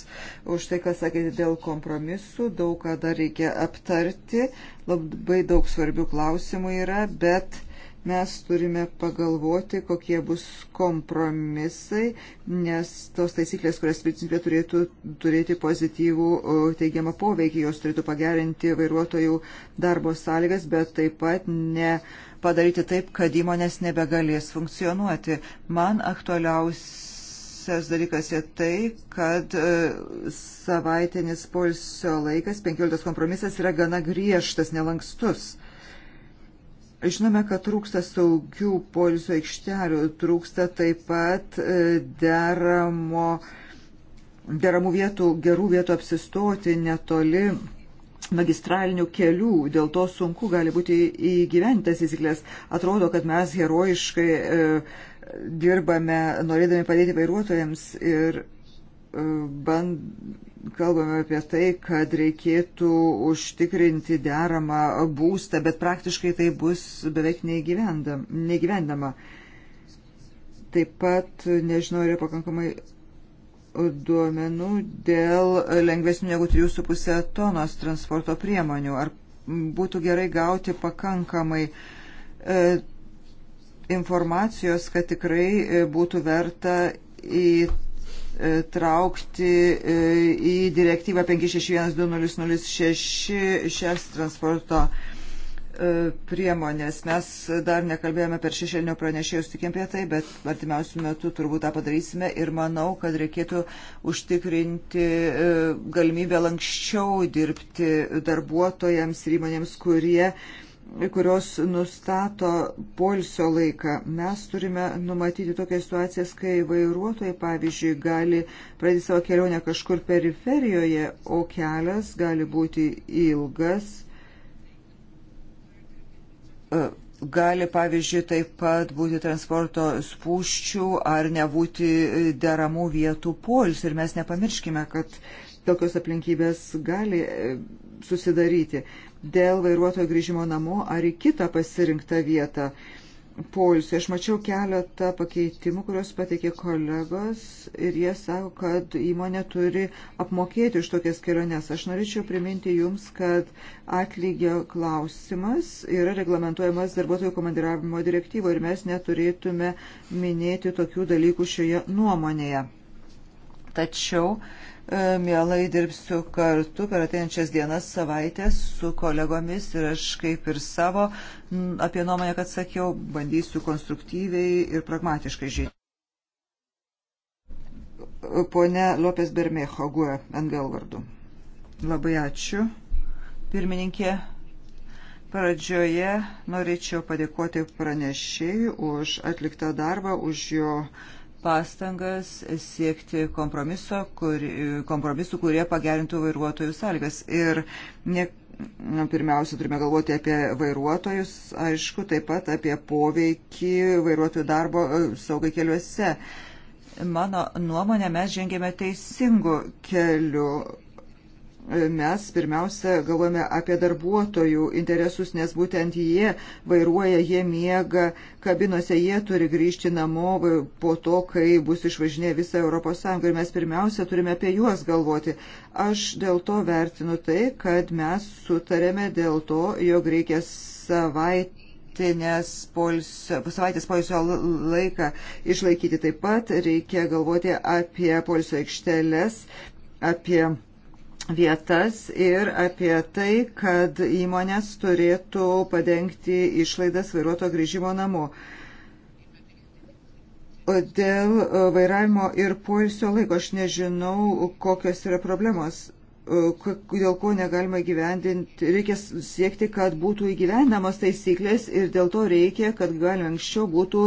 už tai, kas sakėte dėl kompromisų. Daug ką dar reikia aptarti. Labai daug svarbių klausimų yra, bet mes turime pagalvoti, kokie bus kompromisai, nes tos taisyklės, kurias principė turėtų turėti pozityvų teigiamą poveikį, jos turėtų pagerinti vairuotojų darbo sąlygas, bet taip pat ne padaryti taip, kad įmonės nebegalės funkcionuoti. Man aktualiausias dalykas yra tai, kad e, savaitinis polsio laikas, 15 kompromisas yra gana griežtas, nelankstus. Žinome, kad trūksta saugių poliso aikštelių, trūksta taip pat e, deramo, deramų vietų, gerų vietų apsistoti netoli magistralinių kelių, dėl to sunku gali būti įgyventas įsiklės. Atrodo, kad mes herojiškai e, dirbame norėdami padėti vairuotojams ir band, kalbame apie tai, kad reikėtų užtikrinti deramą būstą, bet praktiškai tai bus beveik neįgyvendama. Taip pat, nežinau, yra pakankamai duomenų dėl lengvesnių negu 3,5 tonos transporto priemonių. Ar būtų gerai gauti pakankamai e, informacijos, kad tikrai e, būtų verta į E, traukti e, į direktyvą 5612006 šias transporto e, priemonės. Mes dar nekalbėjome per šešėlinio pranešėjų sutikėm apie tai, bet artimiausių metų turbūt tą padarysime ir manau, kad reikėtų užtikrinti galimybę lankščiau dirbti darbuotojams ir įmonėms, kurie uh, kurios nustato polsio laiką. Mes turime numatyti tokias situacijas, kai vairuotojai, pavyzdžiui, gali pradėti savo kelionę kažkur periferijoje, o kelias gali būti ilgas. E, gali, pavyzdžiui, taip pat būti transporto spūščių ar nebūti deramų vietų polis. Ir mes nepamirškime, kad tokios aplinkybės gali e, susidaryti dėl vairuotojo grįžimo namo ar į kitą pasirinktą vietą poilsį. Aš mačiau keletą pakeitimų, kuriuos pateikė kolegos ir jie sako, kad įmonė turi apmokėti už tokias keliones. Aš norėčiau priminti Jums, kad atlygio klausimas yra reglamentuojamas darbuotojų komandiravimo direktyvo ir mes neturėtume minėti tokių dalykų šioje nuomonėje. Tačiau uh, E, mielai dirbsiu kartu per ateinančias dienas, savaitės su kolegomis ir aš kaip ir savo apie nuomonę, kad sakiau, bandysiu konstruktyviai ir pragmatiškai žiūrėti. Pone Lopės Bermecho, GUE, NGL vardu. Labai ačiū. Pirmininkė, pradžioje norėčiau padėkoti pranešėjui už atliktą darbą, už jo pastangas siekti kompromiso, kur, kompromisų, kurie pagerintų vairuotojų sąlygas. Ir ne, pirmiausia, turime galvoti apie vairuotojus, aišku, taip pat apie poveikį vairuotojų darbo e, saugai keliuose. Mano nuomonė, mes žengėme teisingu keliu mes pirmiausia galvojame apie darbuotojų interesus, nes būtent jie vairuoja, jie miega kabinose, jie turi grįžti namo po to, kai bus išvažinė visa ES. Ir mes pirmiausia turime apie juos galvoti. Aš dėl to vertinu tai, kad mes sutarėme dėl to, jog reikia savaitės polsio, savaitės polsio laiką išlaikyti. Taip pat reikia galvoti apie polsio aikšteles, apie vietas ir apie tai, kad įmonės turėtų padengti išlaidas vairuoto grįžimo namo. Dėl vairavimo ir poilsio laiko aš nežinau, kokios yra problemos. E, dėl ko negalima gyvendinti, reikia siekti, kad būtų įgyvendamos taisyklės ir dėl to reikia, kad galima anksčiau būtų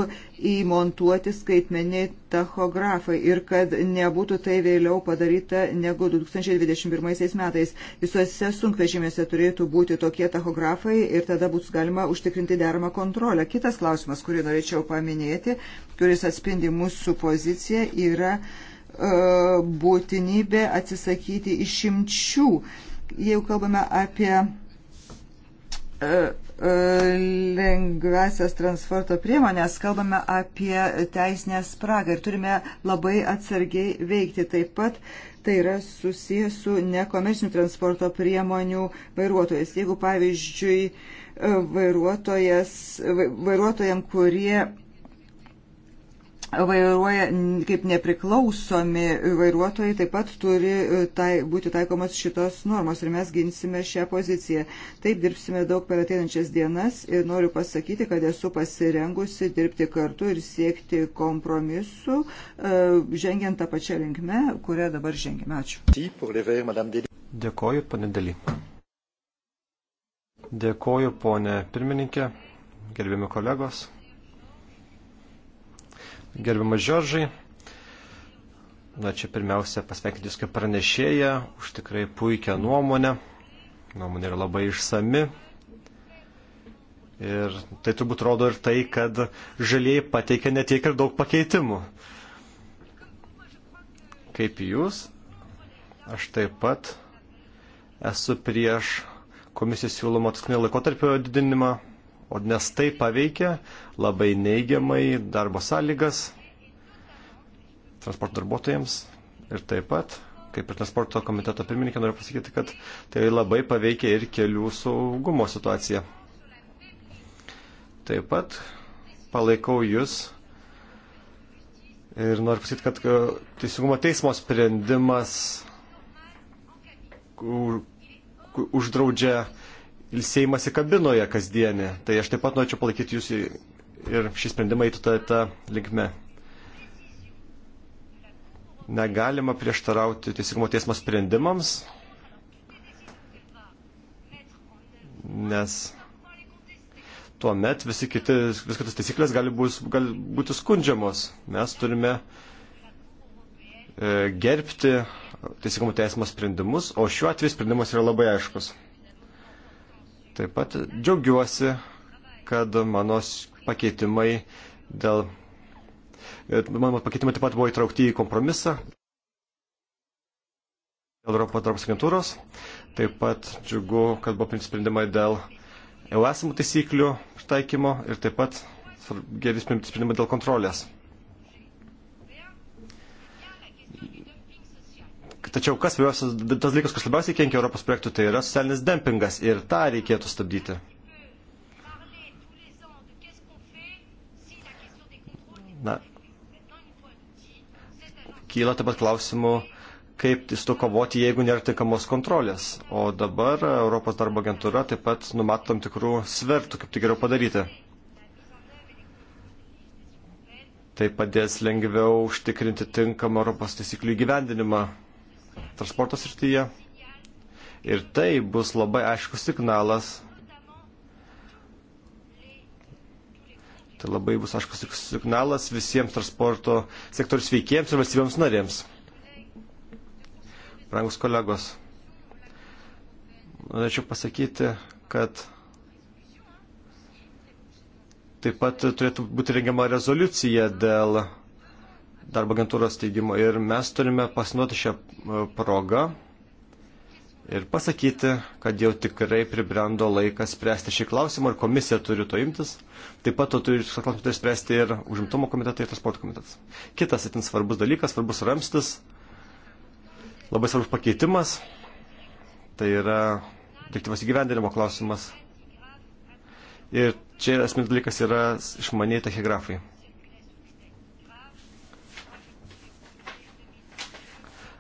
įmontuoti skaitmeniai tachografai ir kad nebūtų tai vėliau padaryta negu 2021 metais. Visose sunkvežimėse turėtų būti tokie tachografai ir tada būtų galima užtikrinti deramą kontrolę. Kitas klausimas, kurį norėčiau paminėti, kuris atspindi mūsų poziciją, yra uh, E, būtinybė atsisakyti išimčių. Jeigu kalbame apie e, e, lengvasias transporto priemonės, kalbame apie teisinę spragą ir turime labai atsargiai veikti. Taip pat tai yra susijęs su nekomercinių transporto priemonių vairuotojais. Jeigu pavyzdžiui vairuotojas, vairuotojam, kurie vairuoja kaip nepriklausomi vairuotojai, taip pat turi e, tai, būti taikomas šitos normos ir mes ginsime šią poziciją. Taip dirbsime daug per ateinančias dienas ir noriu pasakyti, kad esu pasirengusi dirbti kartu ir siekti kompromisu, e, žengiant tą pačią linkmę, kurią dabar žengime. Ačiū. Dėkoju, ponė Dėly. Dėkoju, ponė pirmininkė, gerbiami kolegos gerbiamas Žoržai. Na čia pirmiausia pasveikinti Jūs kaip pranešėją už tikrai puikią nuomonę. Nuomonė yra labai išsami. Ir tai turbūt rodo ir tai, kad žalieji pateikia netiek ir daug pakeitimų. Kaip Jūs, aš taip pat esu prieš komisijos siūlomo atskrinio laikotarpio didinimą O nes tai paveikia labai neigiamai darbo sąlygas transporto darbuotojams ir taip pat, kaip ir transporto komiteto pirmininkė, noriu pasakyti, kad tai labai paveikia ir kelių saugumo situaciją. Taip pat palaikau jūs ir noriu pasakyti, kad e, teisingumo teismo sprendimas uždraudžia ilsėjimasi kabinoje kasdienį. Tai aš taip pat norėčiau palaikyti jūs ir šį sprendimą įtų tą, tą linkme. Negalima prieštarauti teisingumo teismo sprendimams, nes tuo met visi kiti, vis kitas taisyklės gali, bus, gali būti skundžiamos. Mes turime e, gerbti teisingumo teismo sprendimus, o šiuo atveju sprendimas yra labai aiškus. Taip pat džiaugiuosi, kad mano pakeitimai dėl. Mano pakeitimai taip pat buvo įtraukti į kompromisą dėl Europos darbos agentūros. Taip pat džiugu, kad buvo priimti sprendimai dėl jau esamų taisyklių taikymo ir taip pat geris priimti sprendimai dėl kontrolės. Tačiau kas vėliausias, tas dalykas, kas labiausiai kenkia Europos projektui, tai yra socialinis dempingas ir tą reikėtų stabdyti. Na, kyla taip pat klausimų, kaip su to kovoti, jeigu nėra tinkamos kontrolės. O dabar Europos darbo agentūra taip pat numato tam tikrų svertų, kaip tai geriau padaryti. Tai padės lengviau užtikrinti tinkamą Europos taisyklių įgyvendinimą transporto srityje. Ir tai bus labai aiškus signalas. Tai labai bus aiškus signalas visiems transporto sektorius veikėjams ir valstybėms narėms. Rangus kolegos, norėčiau pasakyti, kad taip pat turėtų būti rengiama rezoliucija dėl darbo agentūros teigimo. Ir mes turime pasinuoti šią e, progą ir pasakyti, kad jau tikrai pribrendo laikas spręsti šį klausimą ir komisija turi to imtis. Taip pat to turi šį klausimą turi spręsti ir užimtumo komitetai ir transporto komitetas. Kitas itin svarbus dalykas, svarbus ramstis, labai svarbus pakeitimas, tai yra direktyvos įgyvendinimo klausimas. Ir čia esminis dalykas yra išmaniai tachigrafai.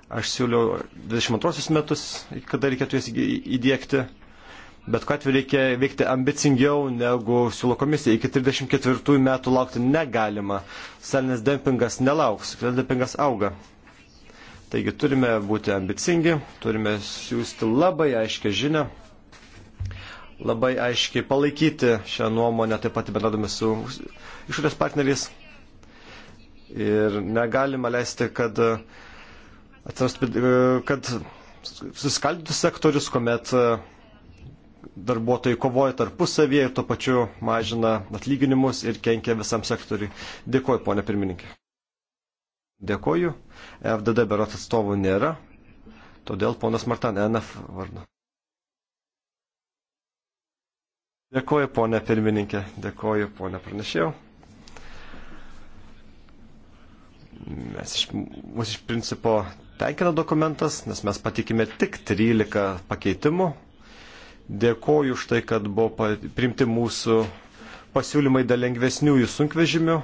Aš siūliau 22 metus, kada reikėtų jas įdėkti. Bet kuo atveju reikia veikti ambicingiau negu siūlo komisija. Iki 34 metų laukti negalima. Socialinis dempingas nelauks, socialinis dempingas auga. Taigi turime būti ambicingi, turime siūsti labai aiškę žinę, labai aiškiai palaikyti šią nuomonę, taip pat bendradami su išorės partneriais. Ir negalima leisti, kad uh, atsirast, e, kad suskaldytus sektorius, kuomet e, darbuotojai kovoja tarpusavėje ir tuo pačiu mažina atlyginimus ir kenkia visam sektoriui. Dėkoju, ponė pirmininkė. Dėkoju. FDD berot atstovų nėra, todėl ponas Martan, NF vardu. Dėkoju, ponė pirmininkė. Dėkoju, ponė pranešėjau. Mes iš, mus iš principo tenkina dokumentas, nes mes patikime tik 13 pakeitimų. Dėkoju už tai, kad buvo priimti mūsų pasiūlymai dėl lengvesniųjų sunkvežimių.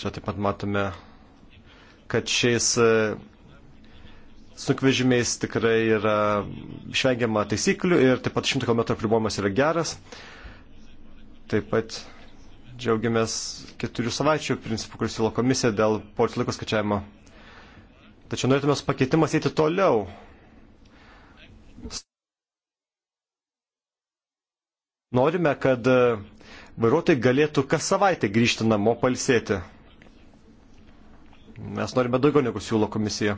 Čia taip pat matome, kad šiais e, sunkvežimiais tikrai yra išvengiama taisyklių ir taip pat 100 km apribojimas yra geras. Taip pat džiaugiamės keturių savaičių principų, kuris įlo komisija dėl poilsio laiko skaičiavimo. Tačiau norėtume su pakeitimas eiti toliau. Norime, kad e, vairuotojai galėtų kas savaitę grįžti namo palsėti. Mes norime daugiau negu siūlo komisija.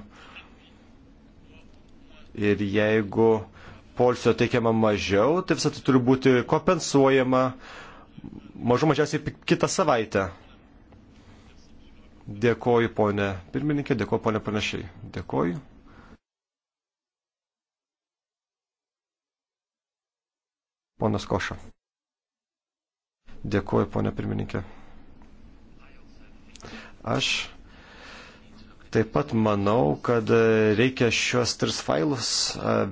Ir jeigu polsio teikiama mažiau, tai visą tai turi būti kompensuojama mažų mažiausiai kitą savaitę. Dėkoju, ponė pirmininkė, dėkoju, ponė panašiai. Dėkoju. Ponas Koša. Dėkoju, ponė pirmininkė. Aš taip pat manau, kad reikia šios tris failus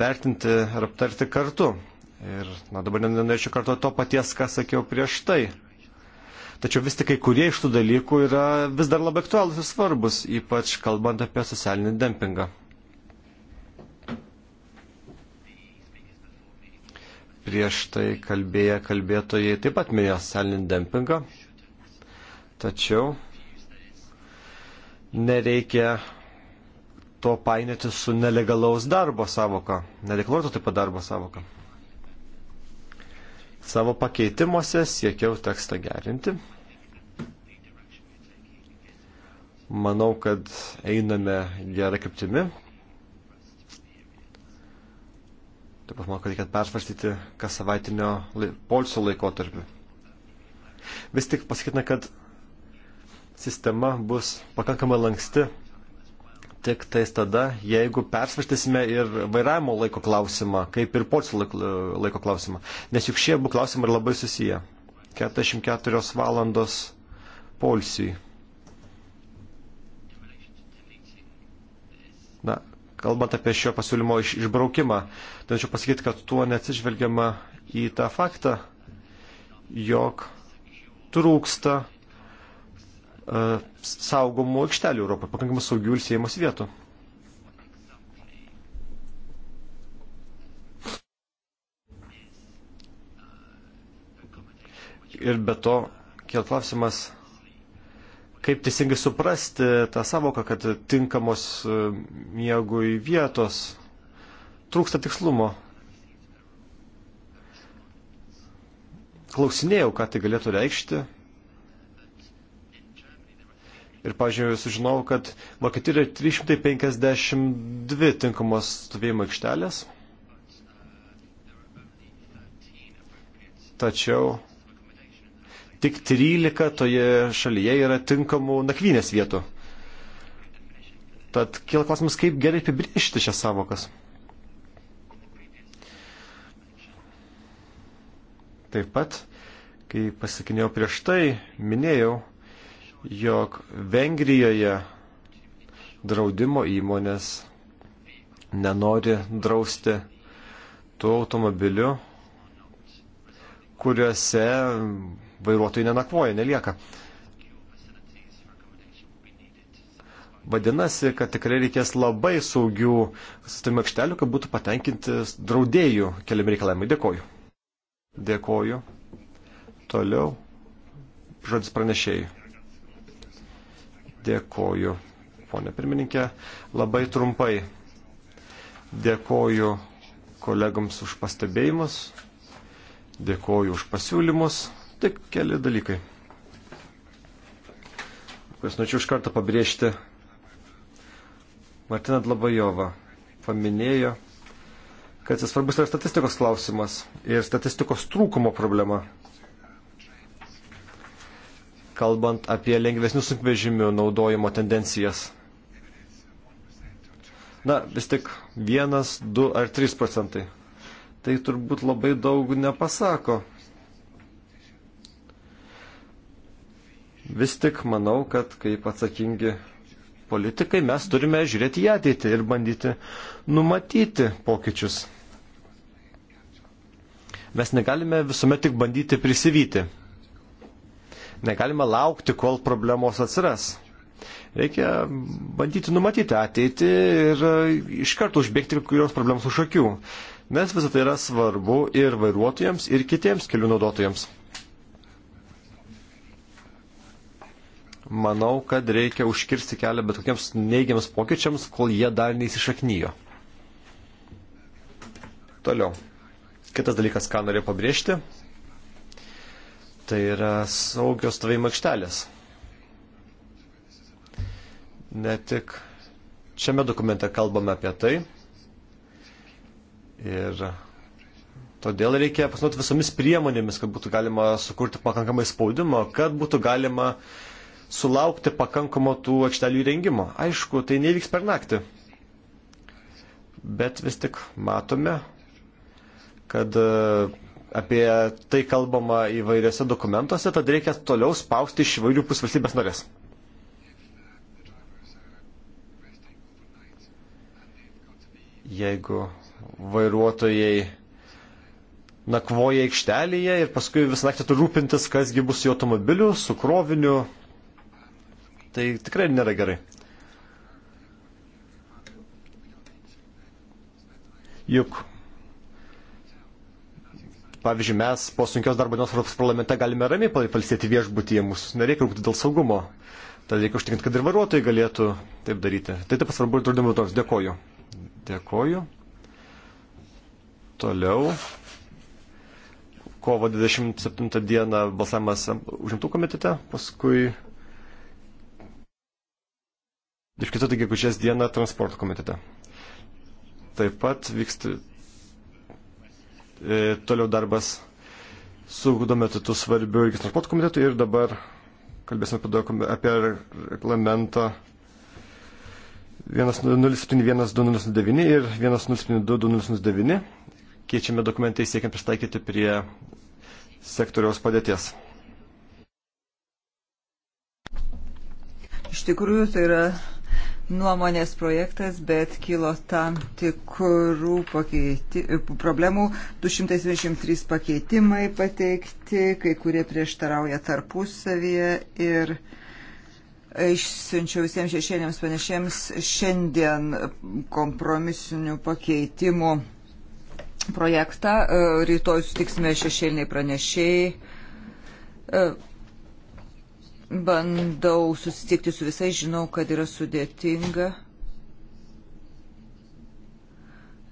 vertinti ir aptarti kartu. Ir na, dabar nenorėčiau kartu to paties, ką sakiau prieš tai. Tačiau vis tik kai kurie iš tų dalykų yra vis dar labai aktualūs ir svarbus, ypač kalbant apie socialinį dempingą. Prieš tai kalbėję kalbėtojai taip pat minėjo socialinį dempingą, tačiau nereikia to painioti su nelegalaus darbo savoka, nedeklaruoto taip pat darbo savoka. Savo pakeitimuose siekiau tekstą gerinti. Manau, kad einame gerą kryptimį. Taip pat manau, kad reikia persvarstyti kas savaitinio lai, polsio laikotarpį. Vis tik pasakytume, kad sistema bus pakankamai lanksti tik tais tada, jeigu persvarstysime ir vairavimo laiko klausimą, kaip ir poilsio laiko klausimą. Nes juk šie abu klausimai yra labai susiję. 44 valandos poilsiui. Na, kalbant apie šio pasiūlymo iš, išbraukimą, norėčiau pasakyti, kad tuo neatsižvelgiama į tą faktą, jog trūksta E, saugomų aikštelių Europoje, pakankamai saugių ir siejamos vietų. Ir be to, kiel klausimas, kaip teisingai suprasti tą savoką, kad tinkamos e, miegui vietos trūksta tikslumo. Klausinėjau, ką tai galėtų reikšti. Ir, pažiūrėjau, sužinojau, kad Vokietijoje yra 352 tinkamos stovėjimo aikštelės. Tačiau tik 13 toje šalyje yra tinkamų nakvynės vietų. Tad kila klausimas, kaip gerai apibriežti šias savokas. Taip pat, kai pasakinėjau prieš tai, minėjau, jog Vengrijoje draudimo įmonės nenori drausti tų automobilių, kuriuose vairuotojai nenakvoja, nelieka. Vadinasi, kad tikrai reikės labai saugių sustarimų aikštelių, kad būtų patenkinti draudėjų keliam reikalavimai. Dėkoju. Dėkoju. Toliau. Žodis pranešėjai. Dėkoju, ponė pirmininkė. Labai trumpai dėkoju kolegams už pastebėjimus, dėkoju už pasiūlymus. Tik keli dalykai. Kuris norėčiau iš karto pabrėžti. Martina Dlabajova paminėjo, kad jis svarbus yra statistikos klausimas ir statistikos trūkumo problema kalbant apie lengvesnių sunkvežimių naudojimo tendencijas. Na, vis tik vienas, du ar trys procentai. Tai turbūt labai daug nepasako. Vis tik manau, kad kaip atsakingi politikai mes turime žiūrėti į ateitį ir bandyti numatyti pokyčius. Mes negalime visuomet tik bandyti prisivyti. Negalima laukti, kol problemos atsiras. Reikia bandyti numatyti ateitį ir iš karto užbėgti kurios problemos už akių, nes visą tai yra svarbu ir vairuotojams, ir kitiems kelių naudotojams. Manau, kad reikia užkirsti kelią bet kokiems neigiams pokyčiams, kol jie dar neįsišaknyjo. Toliau. Kitas dalykas, ką norėjau pabrėžti, tai yra saugios stovėjimo aikštelės. Ne tik šiame dokumente kalbame apie tai ir todėl reikia pasinaudoti visomis priemonėmis, kad būtų galima sukurti pakankamai spaudimo, kad būtų galima sulaukti pakankamo tų aikštelių įrengimo. Aišku, tai nevyks per naktį. Bet vis tik matome, kad apie tai kalbama įvairiose dokumentuose, tad reikia toliau spausti iš įvairių pusvalstybės narės. Jeigu vairuotojai nakvoja aikštelėje ir paskui visą naktį turi rūpintis, kasgi bus su automobiliu, su kroviniu, tai tikrai nėra gerai. Juk pavyzdžiui, mes po sunkios darbo dienos Europos parlamente galime ramiai palsėti viešbutyje, mums nereikia rūpti dėl saugumo. Tad reikia užtikrinti, kad ir vairuotojai galėtų taip daryti. Tai taip svarbu ir draudimo toks. Dėkoju. Dėkoju. Toliau. Kovo 27 dieną balsavimas užimtų komitete, paskui 24 gegužės dieną transporto komitete. Taip pat vyksta e, toliau darbas su dometu svarbiu iki transporto komitetu ir dabar kalbėsime apie, apie reglamentą 1071-2009 nu- ir 1072-2009. Keičiame dokumentai siekiant pristaikyti prie sektoriaus padėties. Iš tikrųjų, tai yra nuomonės projektas, bet kilo tam tikrų pakeiti, problemų. 273 pakeitimai pateikti, kai kurie prieštarauja tarpusavyje ir išsiunčiau visiems šešėniams panešėms šiandien kompromisinių pakeitimų projektą. E, rytoj sutiksime šešėliniai pranešėjai e, bandau susitikti su visais, žinau, kad yra sudėtinga.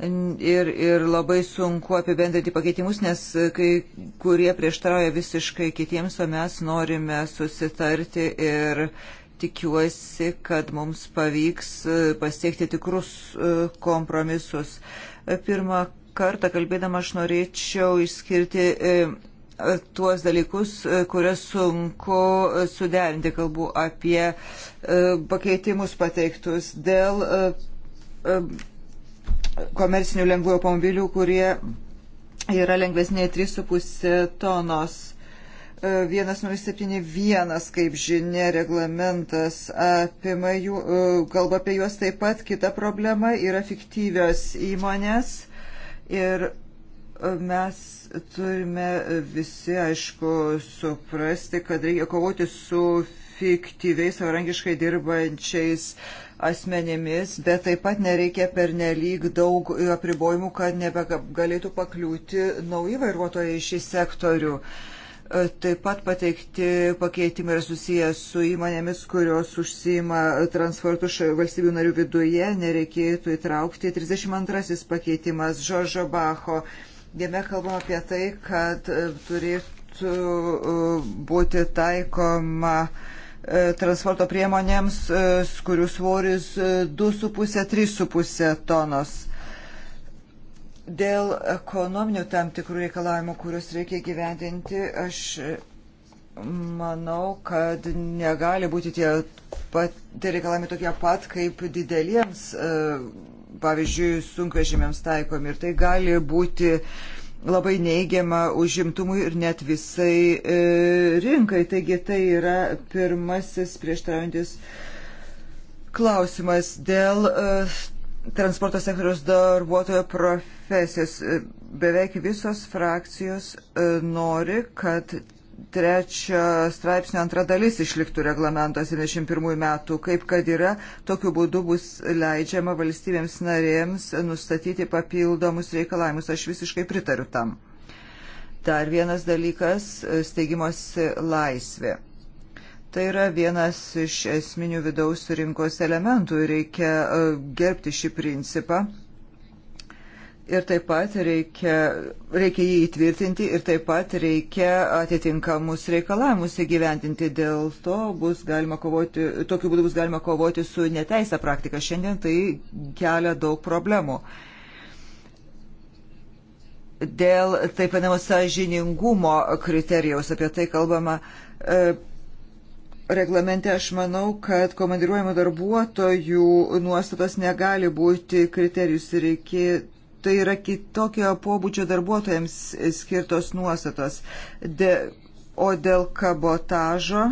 Ir, ir labai sunku apibendrinti pakeitimus, nes kai kurie prieštarauja visiškai kitiems, o mes norime susitarti ir tikiuosi, kad mums pavyks e, pasiekti tikrus e, kompromisus. Pirmą kartą kalbėdama aš norėčiau išskirti e, tuos dalykus, e, kurias sunku e, suderinti. Kalbu apie e, pakeitimus pateiktus dėl komercinių lengvų automobilių, kurie yra lengvesnė 3,5 tonos. 1071, kaip žinia, reglamentas apima jų, kalba apie juos taip pat. Kita problema yra fiktyvios įmonės ir Mes turime visi, aišku, suprasti, kad reikia kovoti su fiktyviai savarankiškai dirbančiais asmenėmis, bet taip pat nereikia pernelyg daug apribojimų, kad nebegalėtų pakliūti nauji vairuotojai į šį sektorių. Taip pat pateikti pakeitimai yra susijęs su įmonėmis, kurios užsima transportu valstybių narių viduje, nereikėtų įtraukti. 32 pakeitimas Žoržo Bacho Jame kalbama apie tai, kad e, turėtų e, būti taikoma e, transporto priemonėms, kurių svoris 2,5-3,5 tonos. Dėl ekonominių tam tikrų reikalavimų, kuriuos reikia gyvendinti, aš manau, kad negali būti tie, pat, tie reikalami tokie pat kaip dideliems pavyzdžiui, sunkvežimiams taikomi. Ir tai gali būti labai neigiama užimtumui ir net visai e, rinkai. Taigi tai yra pirmasis prieštraujantis klausimas dėl e, transporto sektoriaus darbuotojo profesijos. E, beveik visos frakcijos e, nori, kad trečio straipsnio antra dalis išliktų reglamento 71 metų, kaip kad yra, tokiu būdu bus leidžiama valstybėms narėms nustatyti papildomus reikalavimus. Aš visiškai pritariu tam. Dar vienas dalykas - steigimosi laisvė. Tai yra vienas iš esminių vidaus rinkos elementų ir reikia e, gerbti šį principą ir taip pat reikia, reikia jį įtvirtinti ir taip pat reikia atitinkamus reikalavimus įgyventinti. Dėl to bus galima kovoti, tokiu būdu bus galima kovoti su neteisę praktika. Šiandien tai kelia daug problemų. Dėl taip vadinamo sąžiningumo kriterijaus, apie tai kalbama e, reglamente aš manau, kad komandiruojamų darbuotojų nuostatos negali būti kriterijus ir reikėtų tai yra kitokio pobūdžio darbuotojams skirtos nuostatos. De, o dėl kabotažo,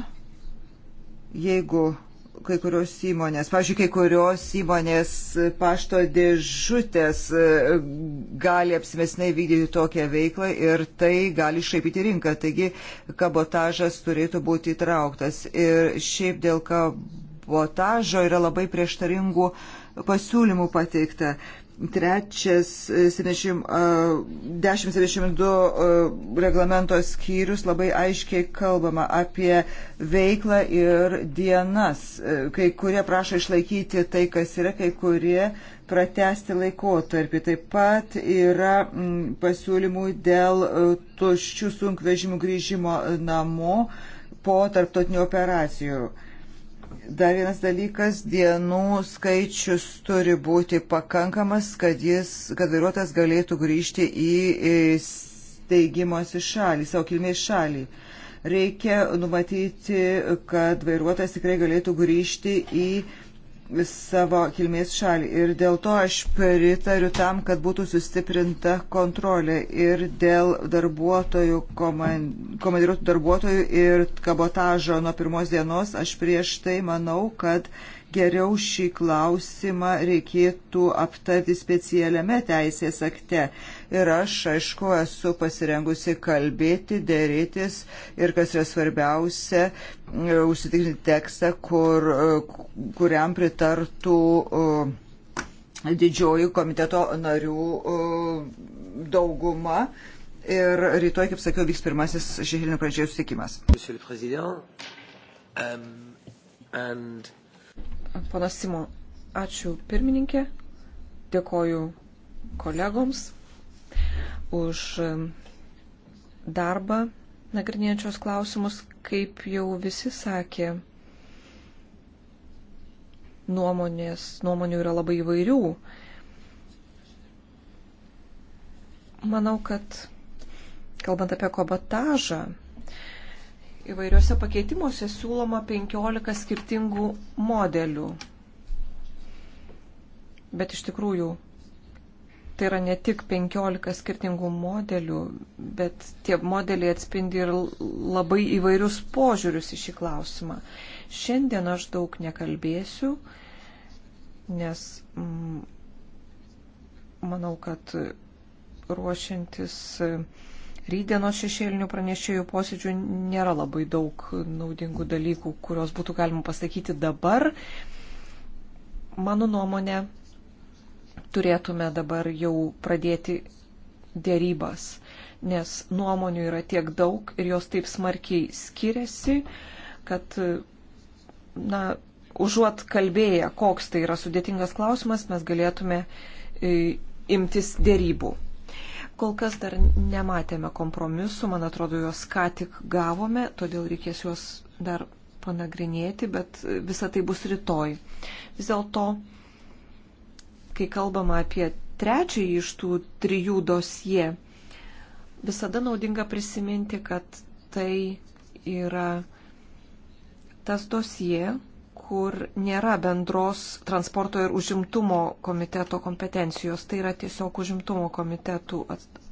jeigu kai kurios įmonės, pavyzdžiui, kai kurios įmonės pašto dėžutės e, gali apsimesnai vykdyti tokią veiklą ir tai gali išaipyti rinką. Taigi kabotažas turėtų būti įtrauktas. Ir šiaip dėl kabotažo yra labai prieštaringų pasiūlymų pateikta trečias 1072 e, e, e, reglamento skyrius labai aiškiai kalbama apie veiklą ir dienas. Kai kurie prašo išlaikyti tai, kas yra, kai kurie pratesti laikotarpį. Taip pat yra pasiūlymų dėl tuščių sunkvežimų grįžimo namo po tarptautinių operacijų. Dar vienas dalykas, dienų skaičius turi būti pakankamas, kad, jis, kad vairuotas galėtų grįžti į steigimosi šalį, savo kilmės šalį. Reikia numatyti, kad vairuotas tikrai galėtų grįžti į savo kilmės šalį. Ir dėl to aš pritariu tam, kad būtų sustiprinta kontrolė ir dėl darbuotojų, komandiruotų darbuotojų ir kabotažo nuo pirmos dienos. Aš prieš tai manau, kad geriau šį klausimą reikėtų aptarti specialiame teisės akte ir aš, aišku, esu pasirengusi kalbėti, dėrėtis ir, kas yra svarbiausia, e, užsitikrinti tekstą, kur, e, kuriam pritartų e, didžioji komiteto narių dauguma. Ir rytoj, kaip sakiau, vyks pirmasis šešėlinio pradžioje susitikimas. Um, and... Panas Simo, ačiū pirmininkė, dėkoju kolegoms už darbą nagrinėjančios klausimus, kaip jau visi sakė. Nuomonės, nuomonių yra labai įvairių. Manau, kad kalbant apie kobotažą, įvairiuose pakeitimuose siūloma 15 skirtingų modelių. Bet iš tikrųjų tai yra ne tik 15 skirtingų modelių, bet tie modeliai atspindi ir labai įvairius požiūrius į šį klausimą. Šiandien aš daug nekalbėsiu, nes mm, manau, kad ruošiantis rydienos šešėlinių pranešėjų posėdžių nėra labai daug naudingų dalykų, kuriuos būtų galima pasakyti dabar. Mano nuomonė, turėtume dabar jau pradėti dėrybas, nes nuomonių yra tiek daug ir jos taip smarkiai skiriasi, kad, na, užuot kalbėję, koks tai yra sudėtingas klausimas, mes galėtume e, imtis dėrybų. Kol kas dar nematėme kompromisu, man atrodo, juos ką tik gavome, todėl reikės juos dar panagrinėti, bet visa tai bus rytoj. Vis dėlto kai kalbama apie trečiąjį iš tų trijų dosie, visada naudinga prisiminti, kad tai yra tas dosie, kur nėra bendros transporto ir užimtumo komiteto kompetencijos. Tai yra tiesiog užimtumo komitetų,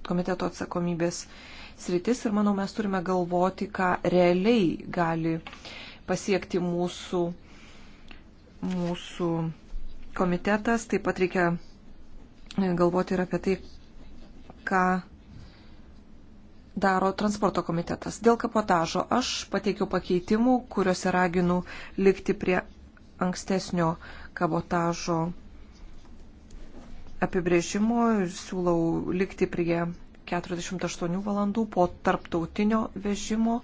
komiteto atsakomybės sritis ir manau mes turime galvoti, ką realiai gali pasiekti mūsų, mūsų komitetas, taip pat reikia e, galvoti ir apie tai, ką daro transporto komitetas. Dėl kapotažo aš pateikiau pakeitimų, kuriuose raginu likti prie ankstesnio kabotažo apibrėžimo ir siūlau likti prie 48 valandų po tarptautinio vežimo.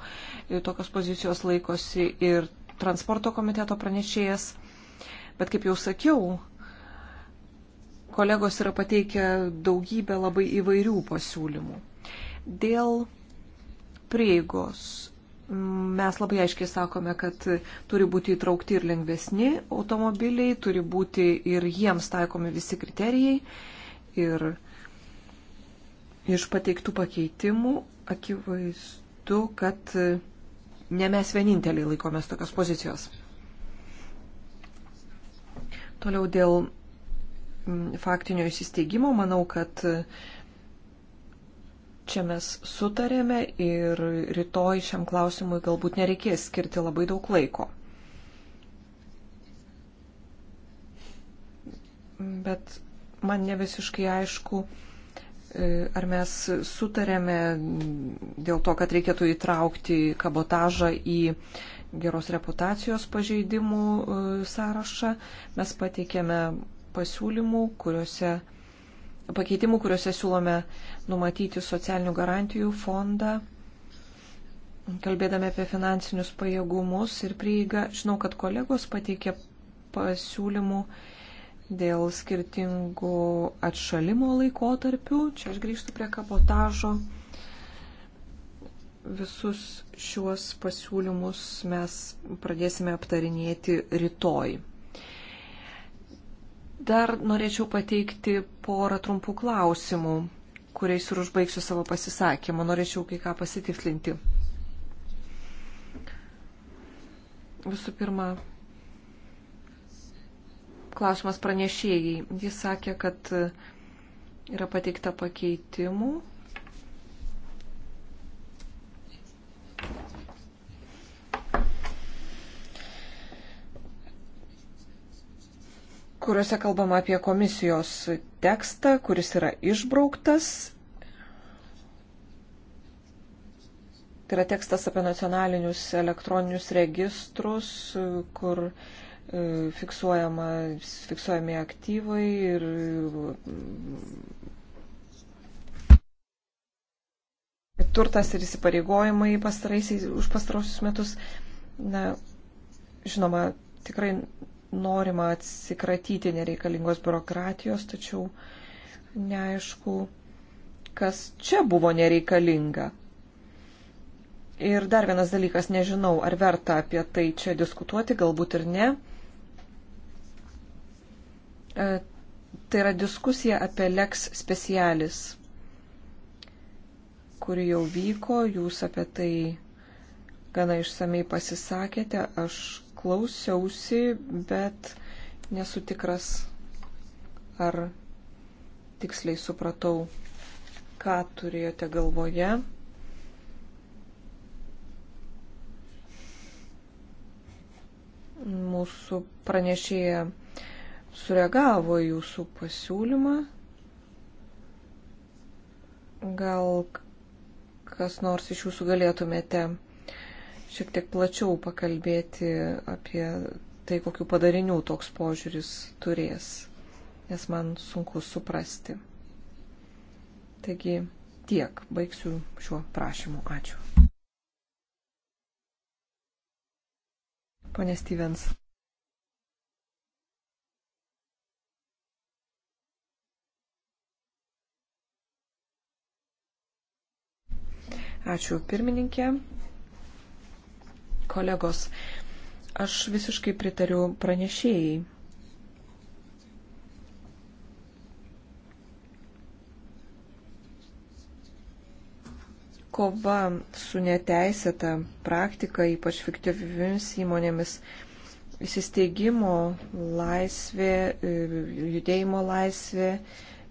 E, tokios pozicijos laikosi ir transporto komiteto pranešėjas. Bet kaip jau sakiau, kolegos yra pateikę daugybę labai įvairių pasiūlymų. Dėl prieigos mes labai aiškiai sakome, kad turi būti įtraukti ir lengvesni automobiliai, turi būti ir jiems taikomi visi kriterijai. Ir iš pateiktų pakeitimų akivaizdu, kad ne mes vieninteliai laikomės tokios pozicijos. Toliau dėl mm, faktinio įsisteigimo, manau, kad e, čia mes sutarėme ir rytoj šiam klausimui galbūt nereikės skirti labai daug laiko. Bet man ne visiškai aišku, e, ar mes sutarėme dėl to, kad reikėtų įtraukti kabotažą į geros reputacijos pažeidimų e, sąrašą. Mes pateikėme pasiūlymų, kuriuose, pakeitimų, kuriuose siūlome numatyti socialinių garantijų fondą, kalbėdami apie finansinius pajėgumus ir prieigą. Žinau, kad kolegos pateikė pasiūlymų dėl skirtingų atšalimo laikotarpių. Čia aš grįžtu prie kabotažo Visus šiuos pasiūlymus mes pradėsime aptarinėti rytoj. Dar norėčiau pateikti porą trumpų klausimų, kuriais ir užbaigsiu savo pasisakymą. Norėčiau kai ką pasitikslinti. Visų pirma, klausimas pranešėjai. Jis sakė, kad yra pateikta pakeitimų kuriuose kalbama apie komisijos tekstą, kuris yra išbrauktas. Tai yra tekstas apie nacionalinius elektroninius registrus, kur e, fiksuojami aktyvai ir turtas ir įsipareigojimai už pastarosius metus. Na, žinoma, tikrai norima atsikratyti nereikalingos biurokratijos, tačiau neaišku, kas čia buvo nereikalinga. Ir dar vienas dalykas, nežinau, ar verta apie tai čia diskutuoti, galbūt ir ne. E, tai yra diskusija apie leks specialis kuri jau vyko, jūs apie tai gana išsamei pasisakėte, aš klausiausi, bet nesu tikras, ar tiksliai supratau, ką turėjote galvoje. Mūsų pranešėja sureagavo jūsų pasiūlymą. Gal kas nors iš jūsų galėtumėte šiek tiek plačiau pakalbėti apie tai, kokiu padariniu toks požiūris turės, nes man sunku suprasti. Taigi tiek, baigsiu šiuo prašymu. Ačiū. Pone Stevens. Ačiū pirmininkė. Kolegos, aš visiškai pritariu pranešėjai. Kova su neteisėta praktika, ypač fiktyvimis įmonėmis, įsisteigimo laisvė, judėjimo laisvė,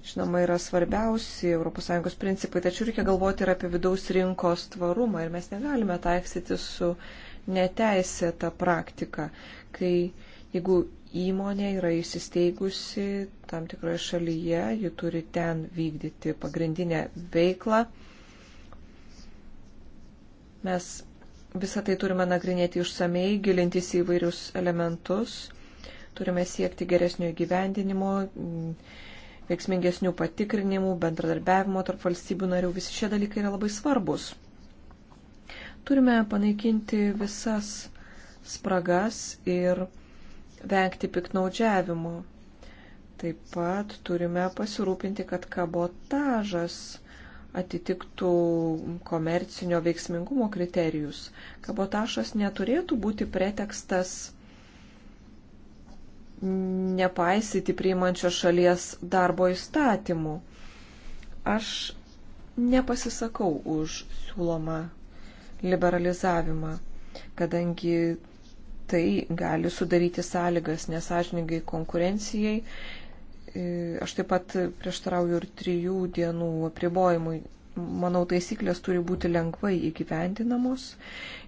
žinoma, yra svarbiausi ES principai, tačiau reikia galvoti ir apie vidaus rinkos tvarumą ir mes negalime taiksyti su neteisėta praktika, kai jeigu įmonė yra įsisteigusi tam tikroje šalyje, ji turi ten vykdyti pagrindinę veiklą. Mes visą tai turime nagrinėti išsamei, gilintis į vairius elementus, turime siekti geresnio įgyvendinimo, veiksmingesnių patikrinimų, bendradarbiavimo tarp valstybių narių, visi šie dalykai yra labai svarbus. Turime panaikinti visas spragas ir vengti piknaudžiavimo. Taip pat turime pasirūpinti, kad kabotažas atitiktų komercinio veiksmingumo kriterijus. Kabotažas neturėtų būti pretekstas nepaisyti priimančio šalies darbo įstatymų. Aš nepasisakau už siūlomą liberalizavimą, kadangi tai gali sudaryti sąlygas nesažiningai konkurencijai. E, aš taip pat prieštarauju ir trijų dienų apribojimui manau, taisyklės turi būti lengvai įgyvendinamos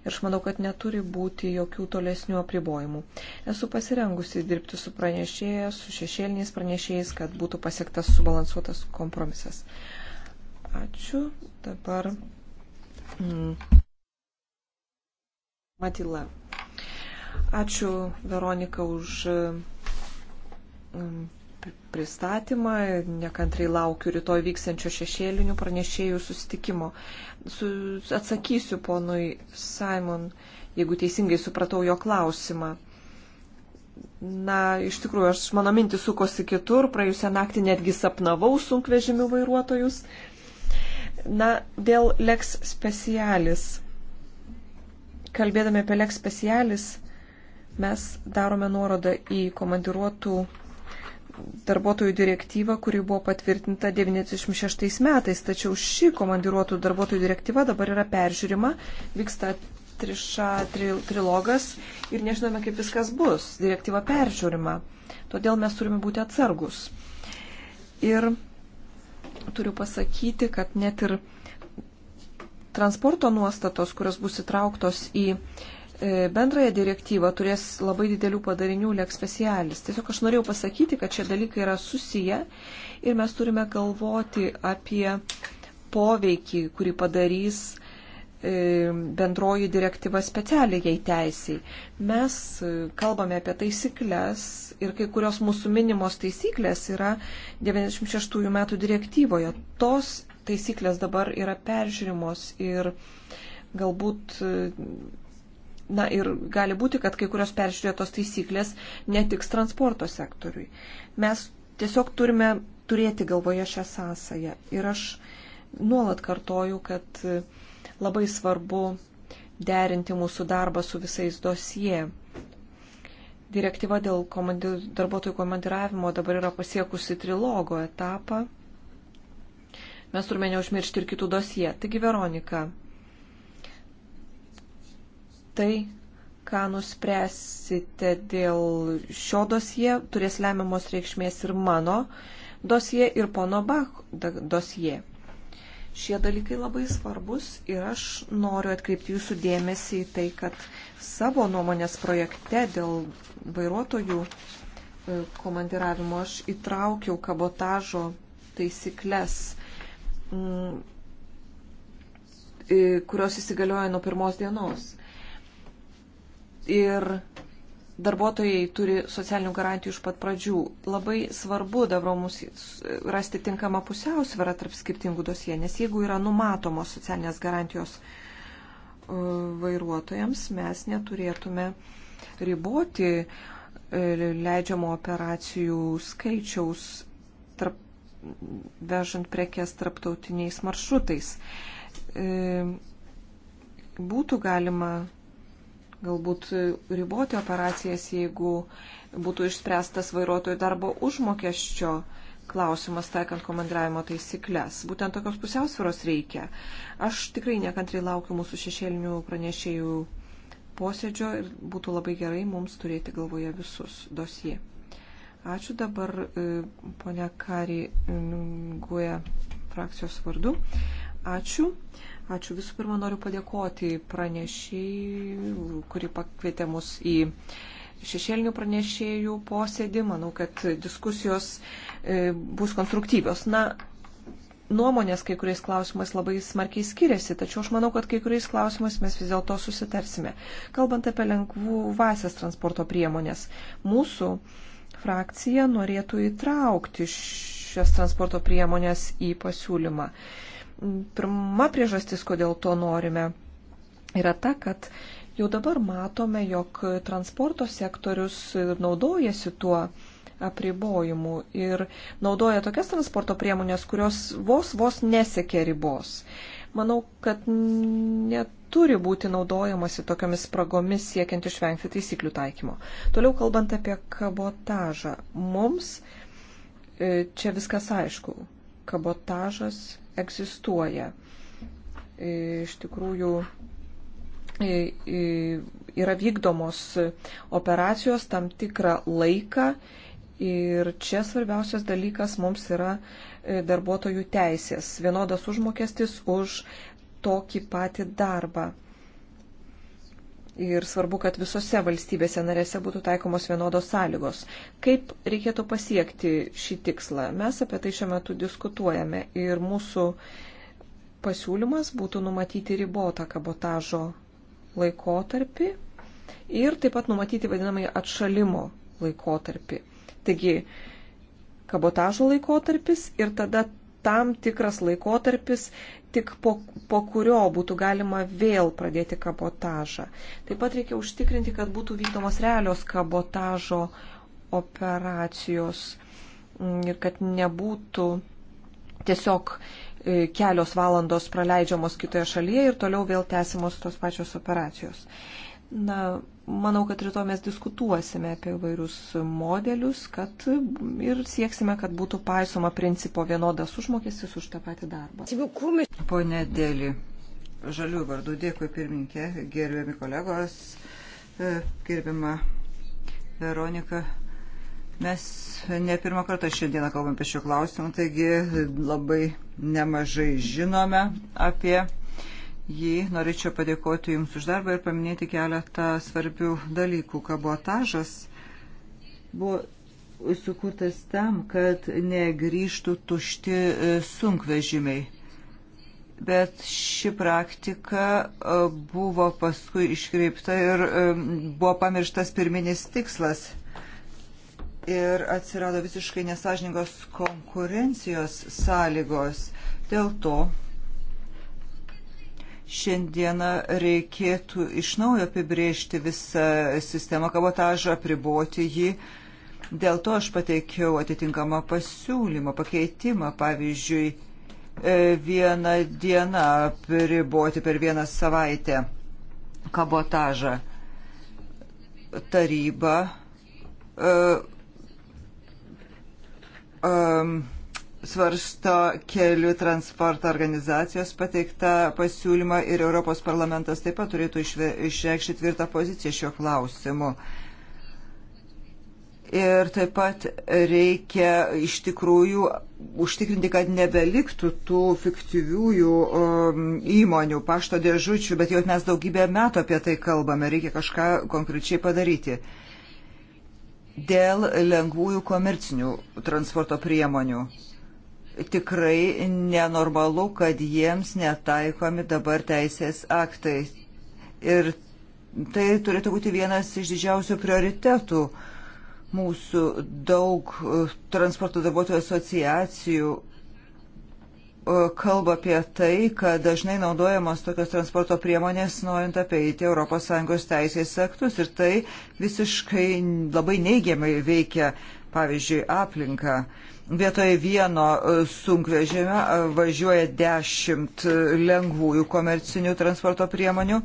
ir aš manau, kad neturi būti jokių tolesnių apribojimų. Esu pasirengusi dirbti su pranešėjas, su šešėliniais pranešėjais, kad būtų pasiektas subalansuotas kompromisas. Ačiū. Dabar. Mm. Matila. Ačiū Veronika už mm, pristatymą, nekantrai laukiu rytoj vyksiančio šešėlinių pranešėjų susitikimo. Su, atsakysiu ponui Simon, jeigu teisingai supratau jo klausimą. Na, iš tikrųjų, aš mano mintis sukosi kitur, praėjusią naktį netgi sapnavau sunkvežimių vairuotojus. Na, dėl leks specialis. Kalbėdami apie leks specialis, mes darome nuorodą į komandiruotų darbuotojų direktyvą, kuri buvo patvirtinta 96 metais, tačiau ši komandiruotų darbuotojų direktyva dabar yra peržiūrima, vyksta triša, tri, trilogas ir nežinome, kaip viskas bus. Direktyva peržiūrima. Todėl mes turime būti atsargus. Ir turiu pasakyti, kad net ir transporto nuostatos, kurios bus įtrauktos į uh, E, bendrąją direktyvą turės labai didelių padarinių leks specialis. Tiesiog aš norėjau pasakyti, kad šie dalykai yra susiję ir mes turime galvoti apie poveikį, kurį padarys e, bendroji direktyva specialiai teisiai. Mes e, kalbame apie taisyklės ir kai kurios mūsų minimos taisyklės yra 96 metų direktyvoje. Tos taisyklės dabar yra peržiūrimos ir galbūt Na ir gali būti, kad kai kurios peržiūrėtos taisyklės netiks transporto sektoriui. Mes tiesiog turime turėti galvoje šią sąsąją. Ir aš nuolat kartoju, kad labai svarbu derinti mūsų darbą su visais dosie. Direktyva dėl komandi, darbuotojų komandiravimo dabar yra pasiekusi trilogo etapą. Mes turime neužmiršti ir kitų dosie. Taigi, Veronika, tai, ką nuspręsite dėl šio dosie, turės lemiamos reikšmės ir mano dosie ir pono Bach dosie. Šie dalykai labai svarbus ir aš noriu atkreipti jūsų dėmesį į tai, kad savo nuomonės projekte dėl vairuotojų e, komandiravimo aš įtraukiau kabotažo taisyklės kurios įsigalioja nuo pirmos dienos ir darbuotojai turi socialinių garantijų iš pat pradžių. Labai svarbu dabar mums rasti tinkamą pusiausvyrą tarp skirtingų dosie, nes jeigu yra numatomos socialinės garantijos e, vairuotojams, mes neturėtume riboti e, leidžiamo operacijų skaičiaus tarp, vežant prekes tarptautiniais maršrutais. E, būtų galima galbūt riboti operacijas, jeigu būtų išspręstas vairuotojų darbo užmokesčio klausimas taikant komandiravimo taisyklės. Būtent tokios pusiausvėros reikia. Aš tikrai nekantrai laukiu mūsų šešėlinių pranešėjų posėdžio ir būtų labai gerai mums turėti galvoje visus dosie. Ačiū dabar e, ponia Kari Guja frakcijos vardu. Ačiū. Ačiū. Visų pirma, noriu padėkoti pranešiai, kuri pakvietė mus į šešėlinių pranešėjų posėdį. Manau, kad diskusijos e, bus konstruktyvios. Na, nuomonės kai kuriais klausimais labai smarkiai skiriasi, tačiau aš manau, kad kai kuriais klausimais mes vis dėlto susitarsime. Kalbant apie lengvų vasės transporto priemonės, mūsų frakcija norėtų įtraukti šias transporto priemonės į pasiūlymą. Pirma priežastis, kodėl to norime, yra ta, kad jau dabar matome, jog transporto sektorius naudojasi tuo apribojimu ir naudoja tokias transporto priemonės, kurios vos vos nesiekia ribos. Manau, kad neturi būti naudojamasi tokiamis spragomis siekiant išvengti taisyklių taikymo. Toliau kalbant apie kabotažą, mums e, čia viskas aišku. Kabotažas egzistuoja. E, iš tikrųjų e, e, yra vykdomos operacijos tam tikrą laiką ir čia svarbiausias dalykas mums yra darbuotojų teisės. Vienodas užmokestis už tokį patį darbą ir svarbu, kad visose valstybėse narėse būtų taikomos vienodos sąlygos. Kaip reikėtų pasiekti šį tikslą? Mes apie tai šiuo metu diskutuojame ir mūsų pasiūlymas būtų numatyti ribotą kabotažo laikotarpį ir taip pat numatyti vadinamai atšalimo laikotarpį. Taigi, kabotažo laikotarpis ir tada tam tikras laikotarpis tik po, po kurio būtų galima vėl pradėti kabotažą. Taip pat reikia užtikrinti, kad būtų vykdomos realios kabotažo operacijos ir kad nebūtų tiesiog e, kelios valandos praleidžiamos kitoje šalyje ir toliau vėl tęsimos tos pačios operacijos. Na, manau, kad rytoj mes diskutuosime apie vairius modelius kad, ir sieksime, kad būtų paisoma principo vienodas užmokestis už tą patį darbą. Pone Dėlį, žalių vardų dėkui pirmininkė, gerbiami kolegos, e, gerbiama Veronika. Mes ne pirmą kartą šiandieną kalbam apie šį klausimą, taigi labai nemažai žinome apie jį. Norėčiau padėkoti Jums už darbą ir paminėti keletą svarbių dalykų. Kabotažas buvo sukurtas tam, kad negrįžtų tušti e, sunkvežimiai. Bet ši praktika e, buvo paskui iškreipta ir e, buvo pamirštas pirminis tikslas. Ir atsirado visiškai nesažiningos konkurencijos sąlygos. Dėl to Šiandieną reikėtų iš naujo apibriežti visą sistemą kabotažą, apriboti jį. Dėl to aš pateikiau atitinkamą pasiūlymą, pakeitimą, pavyzdžiui, e, vieną dieną apriboti per vieną savaitę kabotažą. Taryba. Uh, um, svarsto kelių transporto organizacijos pateiktą pasiūlymą ir Europos parlamentas taip pat turėtų išreikšti tvirtą poziciją šiuo klausimu. Ir taip pat reikia iš tikrųjų užtikrinti, kad nebeliktų tų fiktyviųjų um, įmonių, pašto dėžučių, bet jau mes daugybę metų apie tai kalbame, reikia kažką konkrečiai padaryti dėl lengvųjų komercinių transporto priemonių tikrai nenormalu, kad jiems netaikomi dabar teisės aktai. Ir tai turėtų būti vienas iš didžiausių prioritetų mūsų daug e, transporto darbuotojų asociacijų e, kalba apie tai, kad dažnai naudojamos tokios transporto priemonės, norint apeiti ES teisės aktus ir tai visiškai labai neigiamai veikia pavyzdžiui, aplinką. Vietoje vieno e, sunkvežimio e, važiuoja dešimt lengvųjų komercinių transporto priemonių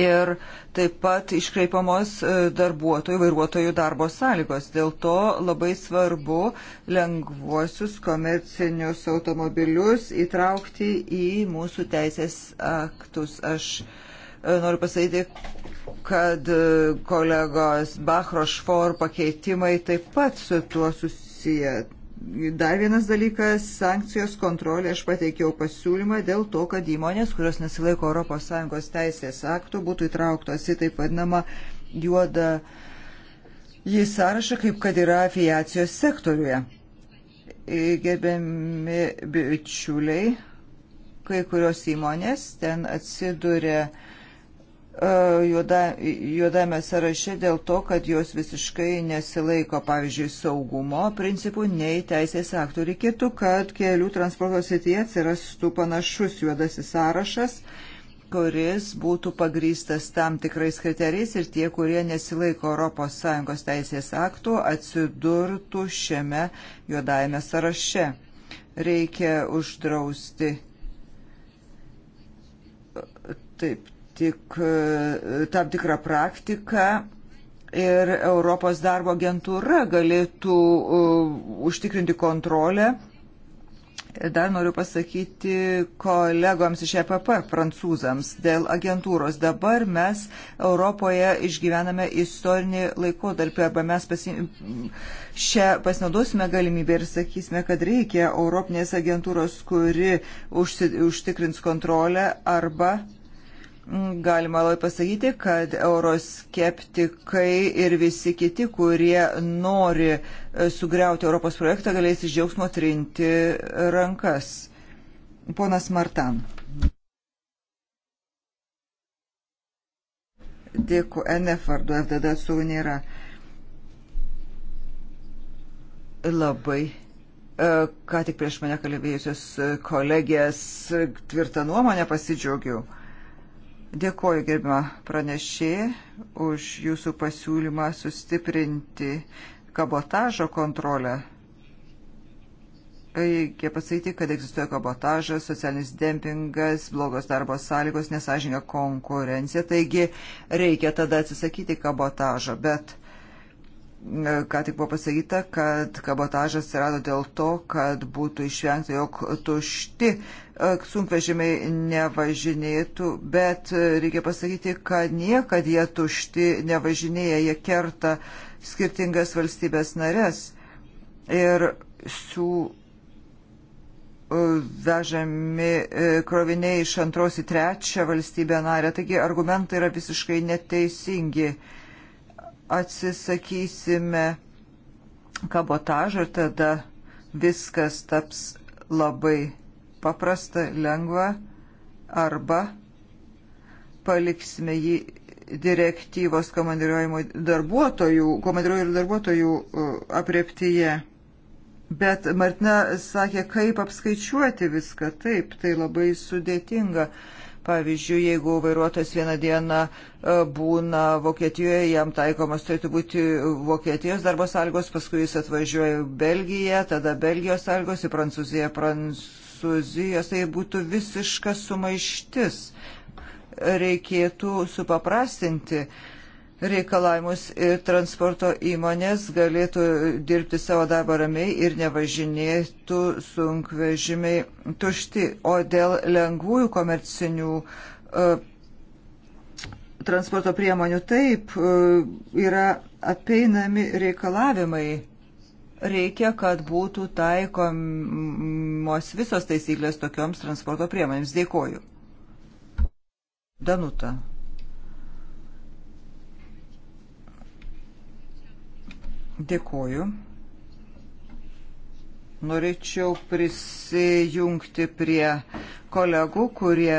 ir taip pat iškreipamos e, darbuotojų, vairuotojų darbo sąlygos. Dėl to labai svarbu lengvuosius komercinius automobilius įtraukti į mūsų teisės aktus. Aš noriu pasakyti, kad e, kolegos Bachrošfor pakeitimai taip pat su tuo susiję. Dar vienas dalykas - sankcijos kontrolė. Aš pateikiau pasiūlymą dėl to, kad įmonės, kurios nesilaiko ES teisės aktų, būtų įtrauktos į taip vadinamą juodą į sąrašą, kaip kad yra aviacijos sektoriuje. Gerbiami bičiuliai, kai kurios įmonės ten atsiduria uh, E, juoda, juodame sąraše dėl to, kad jos visiškai nesilaiko, pavyzdžiui, saugumo principų nei teisės aktų. Reikėtų, kad kelių transporto srityje atsirastų panašus juodasis sąrašas, kuris būtų pagrystas tam tikrais kriterijais ir tie, kurie nesilaiko ES teisės aktų, atsidurtų šiame juodajame sąraše. Reikia uždrausti. Taip, tik, e, tam tikrą praktiką ir Europos darbo agentūra galėtų e, užtikrinti kontrolę. Ir dar noriu pasakyti kolegoms iš EPP, prancūzams, dėl agentūros. Dabar mes Europoje išgyvename istorinį laikotarpį arba mes pasi... šią pasinaudosime galimybę ir sakysime, kad reikia Europinės agentūros, kuri užsi... užtikrins kontrolę arba galima labai pasakyti, kad euroskeptikai ir visi kiti, kurie nori e, sugriauti Europos projektą, galės iš džiaugsmo trinti rankas. Ponas Martan. Dėku, NF vardu FDD atstovų nėra. Labai e, ką tik prieš mane kalbėjusios kolegės tvirtą nuomonę pasidžiaugiu. Dėkoju gerbimą pranešėjai už jūsų pasiūlymą sustiprinti kabotažo kontrolę. Reikia pasakyti, kad egzistuoja kabotažas, socialinis dempingas, blogos darbo sąlygos, nesažinga konkurencija, taigi reikia tada atsisakyti kabotažo, bet e, ką tik buvo pasakyta, kad kabotažas atsirado dėl to, kad būtų išvengta, jog tušti E, sunkvežimiai nevažinėtų, bet e, reikia pasakyti, kad niekad jie tušti nevažinėja, jie kerta skirtingas valstybės narės ir su e, vežami kroviniai iš antros į trečią valstybę narę. Taigi argumentai yra visiškai neteisingi. Atsisakysime kabotažą ir tada viskas taps labai paprasta, lengva, arba paliksime jį direktyvos komandiruojimo darbuotojų, komandiruojų darbuotojų e, apreptyje. Bet Martina sakė, kaip apskaičiuoti viską. Taip, tai labai sudėtinga. Pavyzdžiui, jeigu vairuotojas vieną dieną e, būna Vokietijoje, jam taikomas turėtų būti Vokietijos darbo sąlygos, paskui jis atvažiuoja į Belgiją, tada Belgijos sąlygos, į Prancūziją, Prancūziją Prancūzijos, tai būtų visiška sumaištis. Reikėtų supaprastinti reikalavimus ir transporto įmonės galėtų dirbti savo darbą ramiai ir nevažinėtų sunkvežimiai tušti. O dėl lengvųjų komercinių uh, transporto priemonių taip uh, yra apeinami reikalavimai reikia, kad būtų taikomos visos taisyklės tokioms transporto priemonėms. Dėkoju. Danuta. Dėkoju. Norėčiau prisijungti prie kolegų, kurie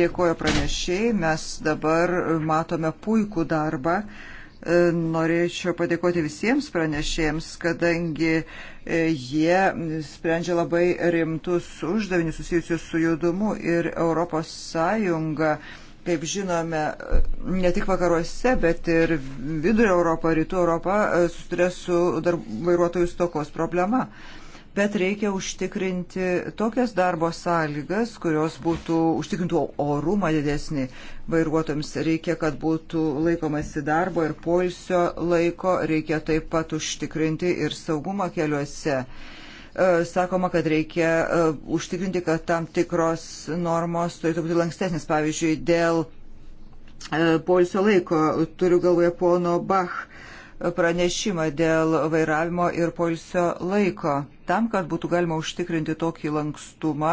dėkojo pranešėjai. Mes dabar matome puikų darbą. E, norėčiau padėkoti visiems pranešėjams, kadangi e, jie sprendžia labai rimtus uždavinius susijusius su judumu ir Europos Sąjunga kaip žinome, ne tik vakaruose, bet ir vidurio Europą, rytų Europą e, susiduria su vairuotojų stokos problema bet reikia užtikrinti tokias darbo sąlygas, kurios būtų užtikrintų orumą didesnį vairuotojams. Reikia, kad būtų laikomasi darbo ir poilsio laiko, reikia taip pat užtikrinti ir saugumą keliuose. E, sakoma, kad reikia e, užtikrinti, kad tam tikros normos turėtų būti lankstesnės. Pavyzdžiui, dėl e, poilsio laiko turiu galvoje pono Bach pranešimą dėl vairavimo ir polsio laiko. Tam, kad būtų galima užtikrinti tokį lankstumą,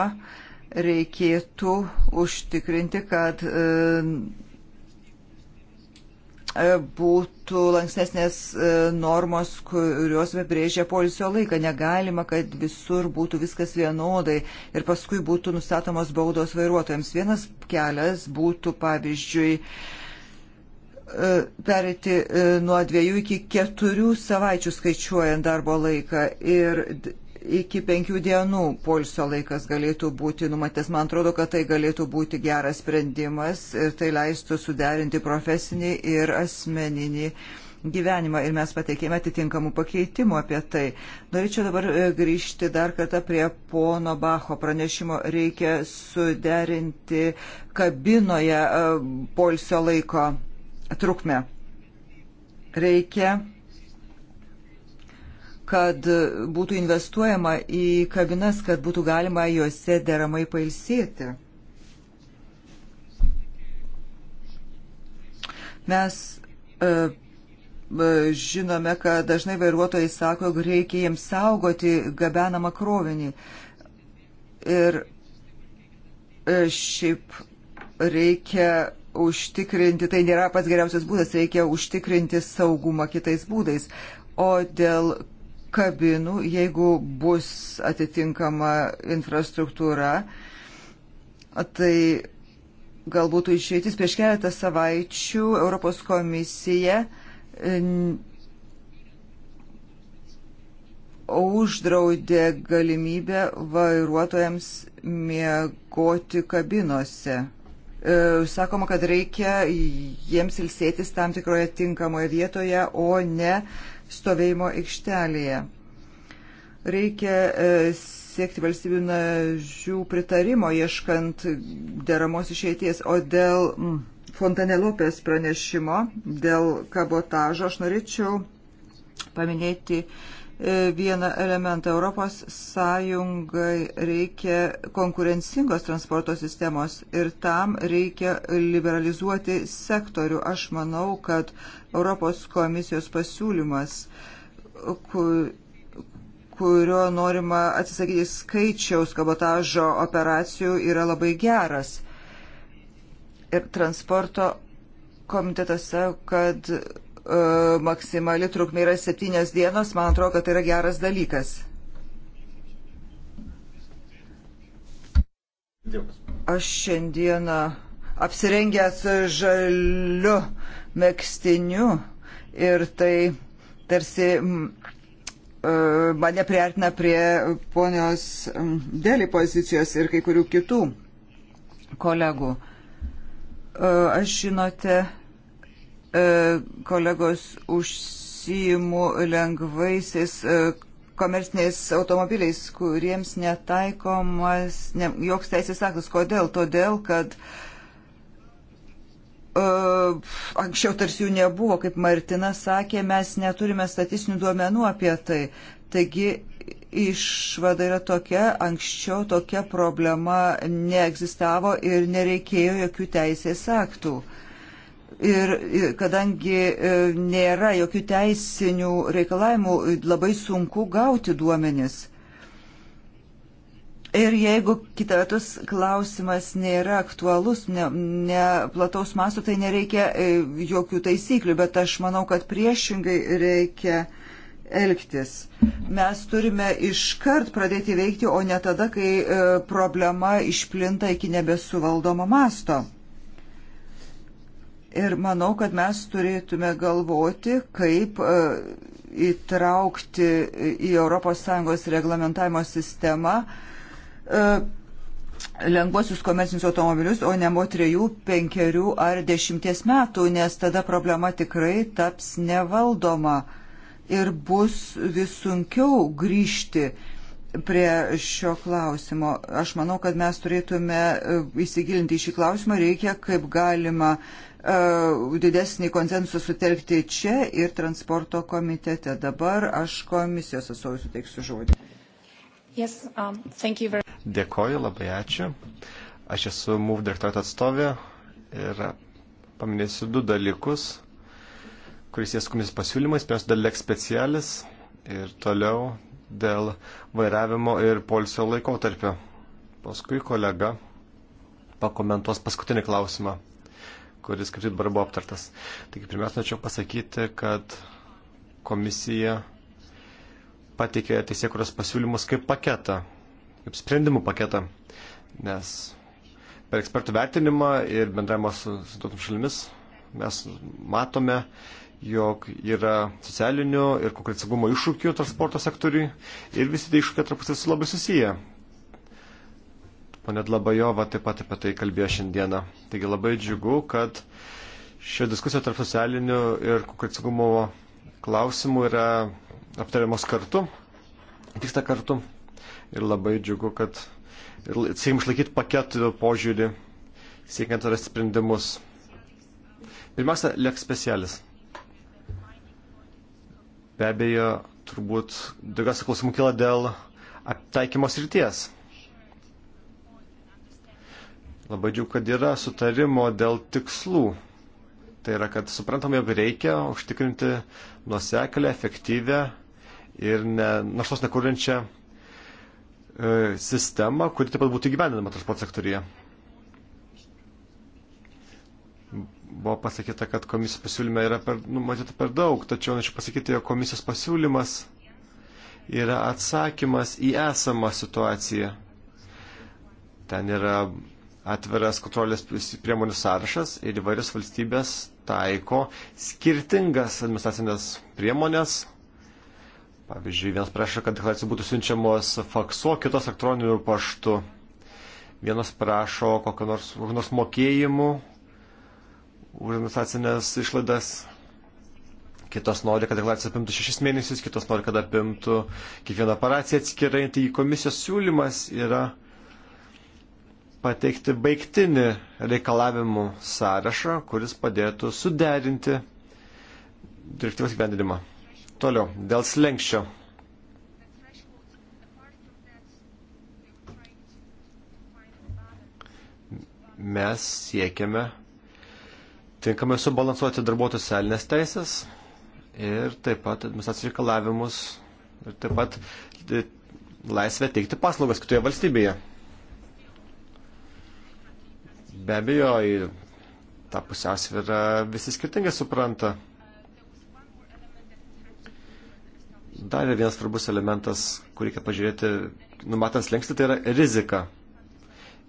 reikėtų užtikrinti, kad e, būtų lanksnesnės e, normos, kurios apibrėžia polisio laiką. Negalima, kad visur būtų viskas vienodai ir paskui būtų nustatomos baudos vairuotojams. Vienas kelias būtų, pavyzdžiui, E, perėti e, nuo dviejų iki keturių savaičių skaičiuojant darbo laiką ir iki penkių dienų polsio laikas galėtų būti numatęs. Man atrodo, kad tai galėtų būti geras sprendimas ir tai leistų suderinti profesinį ir asmeninį gyvenimą ir mes pateikėme atitinkamų pakeitimų apie tai. Norėčiau dabar e, grįžti dar kartą prie pono Bacho pranešimo. Reikia suderinti kabinoje polsio laiko trukmę. Reikia, kad būtų investuojama į kabinas, kad būtų galima juose deramai pailsėti. Mes e, e žinome, kad dažnai vairuotojai sako, jog reikia jiems saugoti gabenamą krovinį. Ir e, šiaip reikia užtikrinti, tai nėra pats geriausias būdas, reikia užtikrinti saugumą kitais būdais. O dėl kabinų, jeigu bus atitinkama infrastruktūra, tai galbūt išeitis prieš keletą savaičių Europos komisija uždraudė galimybę vairuotojams miegoti kabinose. E, sakoma, kad reikia jiems ilsėtis tam tikroje tinkamoje vietoje, o ne stovėjimo aikštelėje. Reikia e, siekti valstybių nažių pritarimo, ieškant deramos išeities. O dėl mm, Fontanelopės pranešimo, dėl kabotažo, aš norėčiau paminėti E, vieną elementą. Europos Sąjungai reikia konkurencingos transporto sistemos ir tam reikia liberalizuoti sektorių. Aš manau, kad Europos komisijos pasiūlymas, kurio norima atsisakyti skaičiaus kabotažo operacijų, yra labai geras. Ir transporto komitetas sako, kad E, maksimali trukmė yra septynios dienos, man atrodo, kad tai yra geras dalykas. Aš šiandieną apsirengęs žaliu mėgstiniu ir tai tarsi e, mane priartina prie ponios dėlį pozicijos ir kai kurių kitų kolegų. E, aš žinote, E, kolegos užsijimu lengvaisiais e, komerciniais automobiliais, kuriems netaikomas ne, joks teisės aktas. Kodėl? Todėl, kad uh, anksčiau tarsi jų nebuvo, kaip Martina sakė, mes neturime statistinių duomenų apie tai. Taigi išvada yra tokia, anksčiau tokia problema neegzistavo ir nereikėjo jokių teisės aktų. Uh, Ir kadangi e, nėra jokių teisinių reikalavimų, labai sunku gauti duomenis. Ir jeigu kita vertus klausimas nėra aktualus, ne, ne plataus mastų, tai nereikia e, jokių taisyklių, bet aš manau, kad priešingai reikia elgtis. Mes turime iškart pradėti veikti, o ne tada, kai e, problema išplinta iki nebesuvaldomo masto. Ir manau, kad mes turėtume galvoti, kaip e, įtraukti į ES reglamentavimo sistemą e, lengvuosius komercinius automobilius, o ne mo trejų, penkerių ar dešimties metų, nes tada problema tikrai taps nevaldoma ir bus vis sunkiau grįžti prie šio klausimo. Aš manau, kad mes turėtume e, įsigilinti į šį klausimą, reikia kaip galima E, didesnį konsensusą sutelkti čia ir transporto komitete. Dabar aš komisijos atstovui suteiksiu žodį. Yes, um, very... Dėkoju, labai ačiū. Aš esu MUV direktorato atstovė ir paminėsiu du dalykus, kuris jės komisijos pasiūlymais, pirmiausia dėl leks specialis ir toliau dėl vairavimo ir polsio laikotarpio. Paskui kolega pakomentuos paskutinį klausimą kuris kaip tik buvo aptartas. Taigi pirmiausia, norėčiau pasakyti, kad komisija pateikė teisėkuros pasiūlymus kaip paketą, kaip sprendimų paketą, nes per ekspertų vertinimą ir bendravimą su, su tautom šalimis mes matome, jog yra socialinių ir konkurencingumo iššūkių transporto sektoriui ir visi tai iššūkiai tarpusavį labai susiję. Pane Dlabajova taip pat apie tai kalbėjo šiandieną. Taigi labai džiugu, kad ši diskusija tarp socialinių ir konkurencingumo klausimų yra aptariamos kartu, vyksta kartu. Ir labai džiugu, kad siekim išlaikyti paketų požiūrį, siekiant rasti sprendimus. Pirmiausia, lieks specialis. Be abejo, turbūt daugiausia klausimų kyla dėl aptaikymo srities. Labai džiaugiu, kad yra sutarimo dėl tikslų. Tai yra, kad suprantam, jog reikia užtikrinti nusekelę, efektyvę ir ne, naštos nekurinčią e, sistemą, kuri taip pat būtų įgyvendinama transporto sektorija. Buvo pasakyta, kad komisijos pasiūlyme yra per, numatyta per daug, tačiau norėčiau pasakyti, jog komisijos pasiūlymas yra atsakymas į esamą situaciją. Ten yra atviras kontrolės priemonių sąrašas ir įvairios valstybės taiko skirtingas administracinės priemonės. Pavyzdžiui, vienas prašo, kad deklaracijos būtų siunčiamos faksu, kitos elektroniniu paštu. Vienas prašo kokio nors, kokio nors mokėjimų už administracinės išlaidas. Kitos nori, kad deklaracija apimtų šešis mėnesius, kitos nori, kad apimtų kiekvieną operaciją atskirai. Tai komisijos siūlymas yra pateikti baigtinį reikalavimų sąrašą, kuris padėtų suderinti direktyvos gyvendinimą. Toliau, dėl slengščio. Mes siekiame tinkamai subalansuoti darbuotojų selinės teisės ir taip pat administracijų reikalavimus ir taip pat e, laisvę teikti paslaugas kitoje valstybėje. Be abejo, tą pusiausvyrą visi skirtingai supranta. Dar yra vienas svarbus elementas, kurį reikia pažiūrėti, numatant slengsti, tai yra rizika.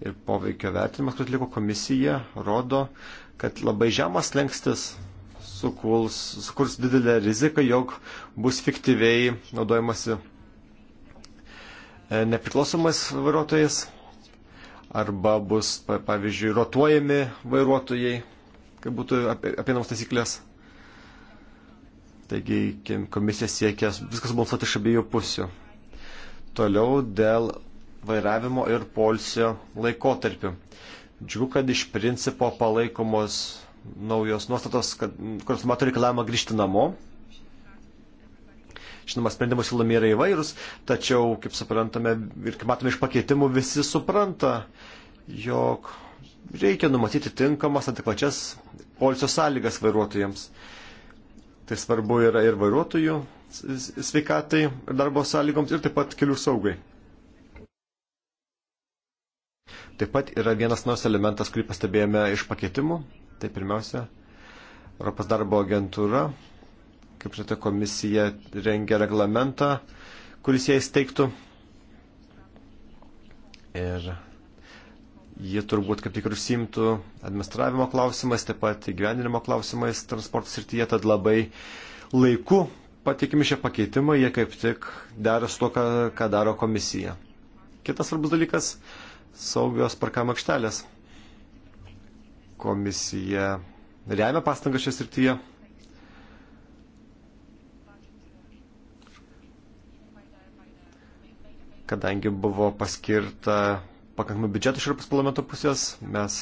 Ir poveikio vertinimas, kurį atliko komisija, rodo, kad labai žemas slengstis sukurs, sukurs didelę riziką, jog bus fiktyviai naudojamasi e, nepriklausomais vairuotojais arba bus, pavyzdžiui, rotuojami vairuotojai, kad būtų apinamos taisyklės. Taigi komisija siekia viskas balsuoti iš abiejų pusių. Toliau dėl vairavimo ir polsio laikotarpių. Džiugu, kad iš principo palaikomos naujos nuostatos, kad, kurios mato reikalavimą grįžti namo, Žinoma, sprendimų siūlomi yra įvairūs, tačiau, kaip suprantame ir kaip matome iš pakeitimų, visi supranta, jog reikia numatyti tinkamas, adekvačias polisio sąlygas vairuotojams. Tai svarbu yra ir vairuotojų sveikatai ir darbo sąlygoms ir taip pat kelių saugai. Taip pat yra vienas nors elementas, kurį pastebėjome iš pakeitimų. Tai pirmiausia, Europos darbo agentūra Kaip žinote, komisija rengia reglamentą, kuris jai steigtų. Ir jie turbūt kaip tik ir užsimtų administravimo klausimais, taip pat įgyvendinimo klausimais transporto srityje, tad labai laiku patikimi šie pakeitimai, jie kaip tik dera su to, ką, ką daro komisija. Kitas svarbus dalykas - saugios parkavimo aikštelės. Komisija remia pastangas šią srityje. kadangi buvo paskirta pakankamai biudžetų iš Europos parlamento pusės, mes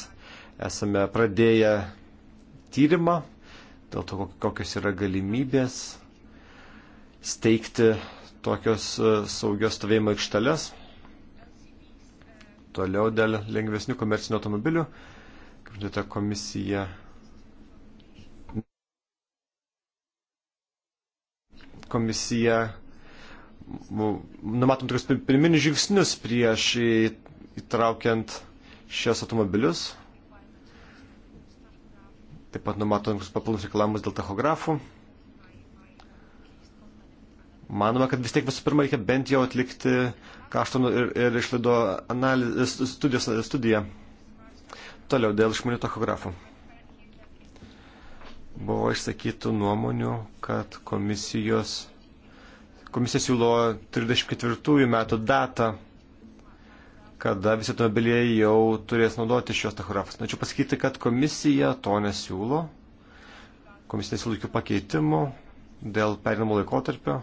esame pradėję tyrimą dėl to, kokios yra galimybės steigti tokios e, saugios stovėjimo aikšteles. Toliau dėl lengvesnių komercinių automobilių, kaip žinote, komisija. Komisija numatom tokius pirminius žingsnius prieš įtraukiant šios automobilius. Taip pat numatom papildomus reikalavimus dėl tachografų. Manoma, kad vis tiek visų pirma reikia bent jau atlikti kaštų nu-, ir, ir išlaido analiz, studijos, studiją. Toliau dėl išmanių tachografų. Buvo išsakytų nuomonių, kad komisijos Komisija siūlo 34 metų datą, kada visi automobiliai jau turės naudoti šios tachografus. Norėčiau pasakyti, kad komisija to nesiūlo. Komisija nesiūlo jokių pakeitimų dėl perinamo laikotarpio.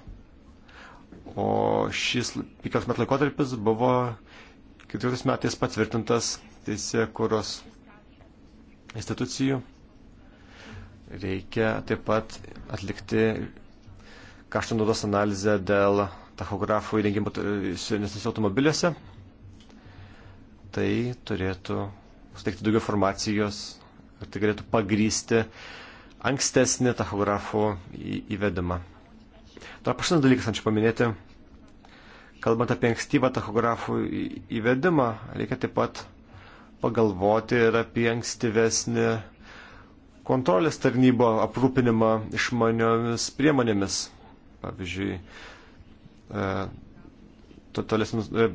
O šis 15 metų laikotarpis buvo 14 metais patvirtintas teisė kuros institucijų reikia taip pat atlikti kaštų naudos analizę dėl tachografų įrengimo e, senesniuose automobiliuose, tai turėtų suteikti daugiau informacijos ir tai galėtų pagrysti ankstesnį tachografų įvedimą. Dar pašinas dalykas, ančiau paminėti, kalbant apie ankstyvą tachografų įvedimą, reikia taip pat pagalvoti ir apie ankstyvesnį kontrolės tarnybo aprūpinimą išmaniomis priemonėmis pavyzdžiui, e, to, tolesnius, e,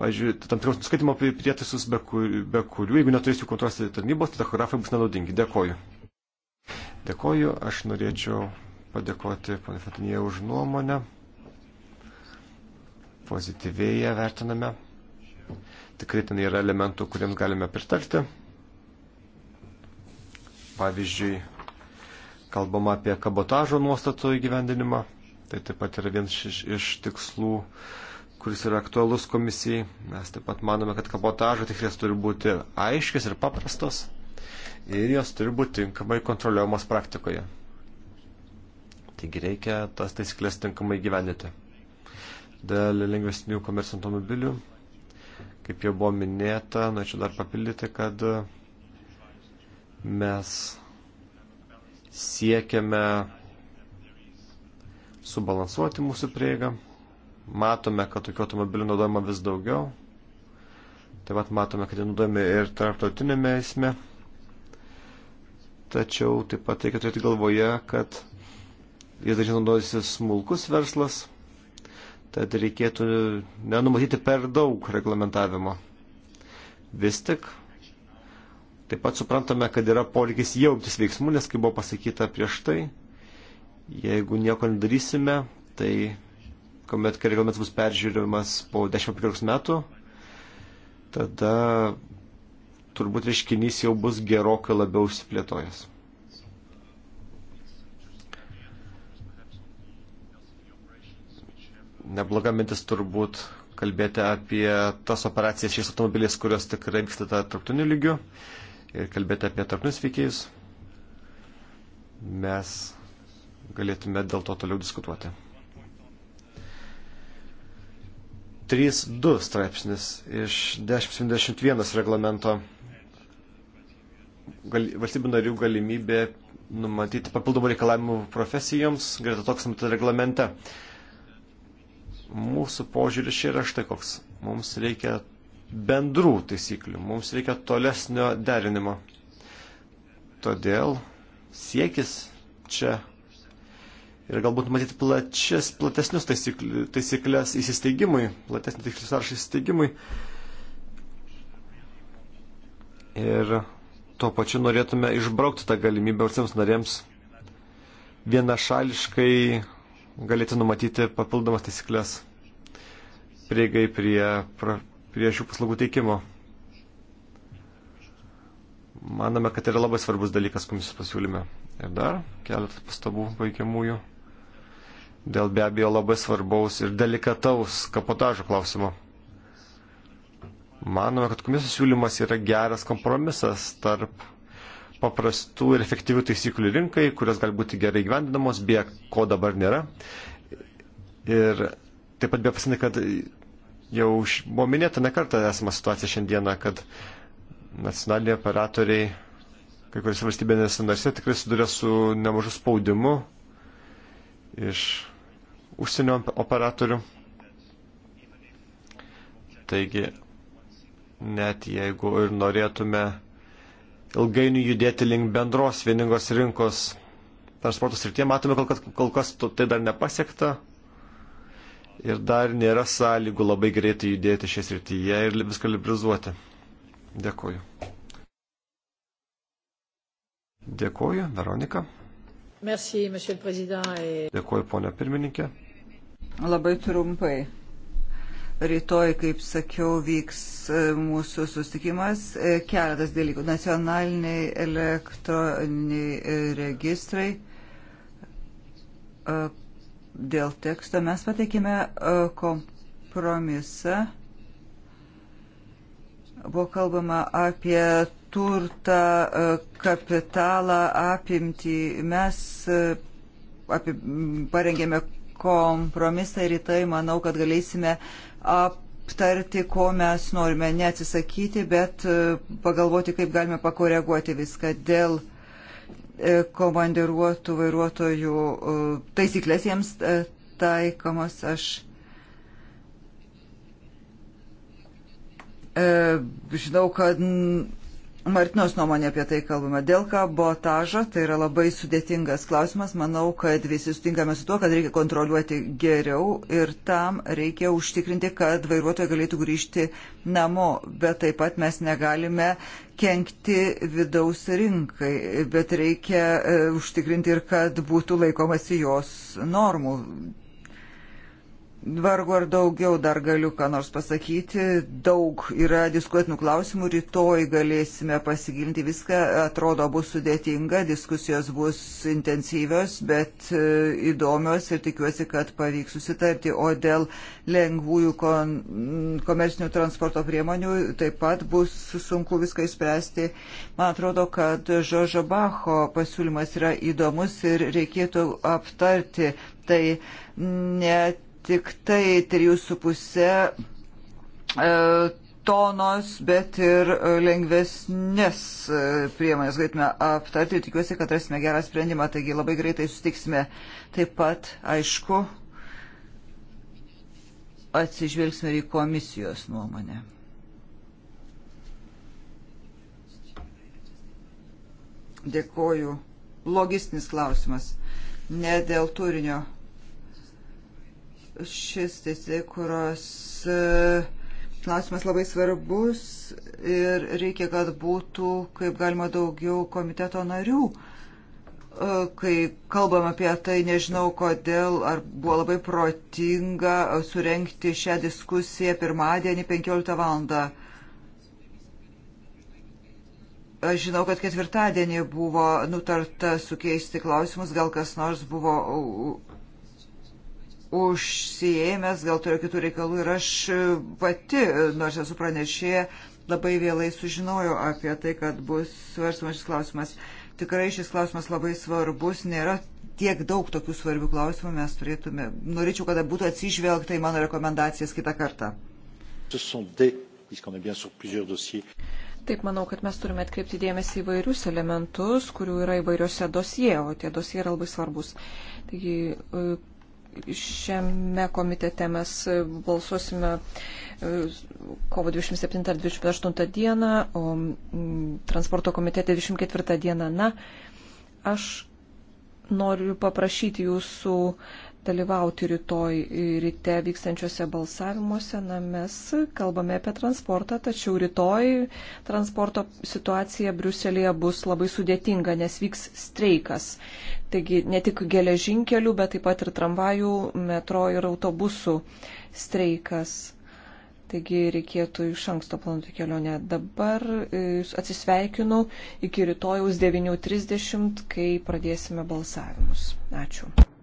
pavyzdžiui, tam tikrus nuskaitimo prietaisus, be, kur, be kurių, jeigu neturės jų kontrolės tarnybos, tai tachografai bus nenaudingi. Dėkoju. Dėkoju, aš norėčiau padėkoti ponai Fatinėje už nuomonę. Pozityviai ją vertiname. Tikrai ten yra elementų, kuriems galime pritarti. Pavyzdžiui, kalbama apie kabotažo nuostatų įgyvendinimą. Tai taip pat yra vienas iš, iš tikslų, kuris yra aktualus komisijai. Mes taip pat manome, kad kabotažo tikrės turi būti aiškis ir paprastos ir jos turi būti tinkamai kontroliuojamos praktikoje. Taigi reikia tas taisyklės tinkamai gyvendyti. Dėl lengvesnių komercinių automobilių, kaip jau buvo minėta, norėčiau nu, dar papildyti, kad mes siekiame subalansuoti mūsų prieigą. Matome, kad tokių automobilių naudojama vis daugiau. Taip pat matome, kad jie naudojami ir tarptautinėme eisme. Tačiau taip pat reikia turėti galvoje, kad jie dažnai naudojasi smulkus verslas. Tad reikėtų nenumatyti per daug reglamentavimo. Vis tik Taip pat suprantame, kad yra poreikis jauktis veiksmų, nes kaip buvo pasakyta prieš tai, Jeigu nieko nedarysime, tai kuomet reglamentas bus peržiūrimas po 10-15 metų, tada turbūt reiškinys jau bus gerokai labiau išsiplėtojęs. Nebloga mintis turbūt kalbėti apie tas operacijas šiais automobiliais, kurios tikrai vyksta tarptautiniu lygiu ir kalbėti apie tarptautinius veikėjus. Mes galėtume dėl to toliau diskutuoti. 3.2 straipsnis iš 1071 reglamento valstybių narių galimybė numatyti papildomų reikalavimų profesijoms, greta toks numatyta reglamente. Mūsų požiūris čia yra štai koks. Mums reikia bendrų taisyklių, mums reikia tolesnio derinimo. Todėl siekis čia ir galbūt matyti plačias, platesnius taisyklės įsisteigimui, platesnį taisyklių sąrašą įsisteigimui. Ir tuo pačiu norėtume išbraukti tą galimybę valstybėms narėms vienašališkai galėti numatyti papildomas taisyklės prieigai prie, prie šių paslaugų teikimo. Manome, kad tai yra labai svarbus dalykas komisijos pasiūlyme. Ir dar keletas pastabų baigiamųjų dėl be abejo labai svarbaus ir delikataus kapotažo klausimo. Manome, kad komisijos siūlymas yra geras kompromisas tarp paprastų ir efektyvių taisyklių rinkai, kurios gali būti gerai gyvendinamos, be ko dabar nėra. Ir taip pat be pasinė, kad jau buvo minėta ne kartą esama situacija šiandieną, kad nacionaliniai operatoriai kai kuriuose valstybėse narse tikrai suduria su nemažu spaudimu iš užsienio operatorių. Taigi, net jeigu ir norėtume ilgainiui judėti link bendros vieningos rinkos transporto srityje, matome, kol, kol kas tai dar nepasiekta ir dar nėra sąlygų labai greitai judėti šią srityje ir viską liberalizuoti. Dėkuoju. Dėkuoju, Veronika. Merci, Dėkuoju, ponia pirmininkė. Labai trumpai. Rytoj, kaip sakiau, vyks e, mūsų susitikimas. E, keletas dalykų. Nacionaliniai elektroniniai e, registrai. Dėl teksto mes pateikėme kompromisą. Buvo kalbama apie turtą, kapitalą, apimtį. Mes apie, parengėme kompromisą ir rytai manau, kad galėsime aptarti, ko mes norime neatsisakyti, bet e, pagalvoti, kaip galime pakoreguoti viską dėl e, komandiruotų vairuotojų e, taisyklės jiems taikomos. Aš žinau, kad Martinos nuomonė apie tai kalbama. Dėl kabotažo tai yra labai sudėtingas klausimas. Manau, kad visi sutinkame su tuo, kad reikia kontroliuoti geriau ir tam reikia užtikrinti, kad vairuotojai galėtų grįžti namo. Bet taip pat mes negalime kenkti vidaus rinkai, bet reikia e, užtikrinti ir, kad būtų laikomasi jos normų. Vargu ar daugiau dar galiu ką nors pasakyti. Daug yra diskutuotinų klausimų. Rytoj galėsime pasigilinti viską. Atrodo, bus sudėtinga, diskusijos bus intensyvios, bet e, įdomios ir tikiuosi, kad pavyks susitarti. O dėl lengvųjų kon, komercinių transporto priemonių taip pat bus sunku viską įspręsti. Man atrodo, kad Žožo Bacho pasiūlymas yra įdomus ir reikėtų aptarti. Tai net tik tai 3,5 e, tonos, bet ir e, lengvesnės e, priemonės galėtume aptarti ir tikiuosi, kad rasime gerą sprendimą, taigi labai greitai sustiksime. Taip pat, aišku, atsižvelgsime į komisijos nuomonę. Dėkoju. Logistinis klausimas. Ne dėl turinio Šis teisėkuros e, klausimas labai svarbus ir reikia, kad būtų kaip galima daugiau komiteto narių. E, kai kalbam apie tai, nežinau kodėl, ar buvo labai protinga surenkti šią diskusiją pirmadienį 15 val. Aš žinau, kad ketvirtadienį buvo nutarta sukeisti klausimus, gal kas nors buvo užsijėmęs, gal turiu kitų reikalų ir aš pati, nors esu pranešėję, labai vėlai sužinojau apie tai, kad bus svarstamas šis klausimas. Tikrai šis klausimas labai svarbus, nėra tiek daug tokių svarbių klausimų mes turėtume. Norėčiau, kad būtų atsižvelgta į mano rekomendacijas kitą kartą. Taip, manau, kad mes turime atkreipti dėmesį į vairius elementus, kurių yra įvairiuose dosie, o tie dosie yra labai svarbus. Taigi, šiame komitete mes balsuosime e, kovo 27 ar 28 dieną, o transporto komitete 24 dieną. Na, aš noriu paprašyti jūsų dalyvauti rytoj ryte vykstančiuose balsavimuose. Na, mes kalbame apie transportą, tačiau rytoj transporto situacija Briuselėje bus labai sudėtinga, nes vyks streikas. Taigi ne tik geležinkelių, bet taip pat ir tramvajų, metro ir autobusų streikas. Taigi reikėtų iš anksto planuoti kelionę. Dabar e, atsisveikinu iki rytojaus 9.30, kai pradėsime balsavimus. Ačiū.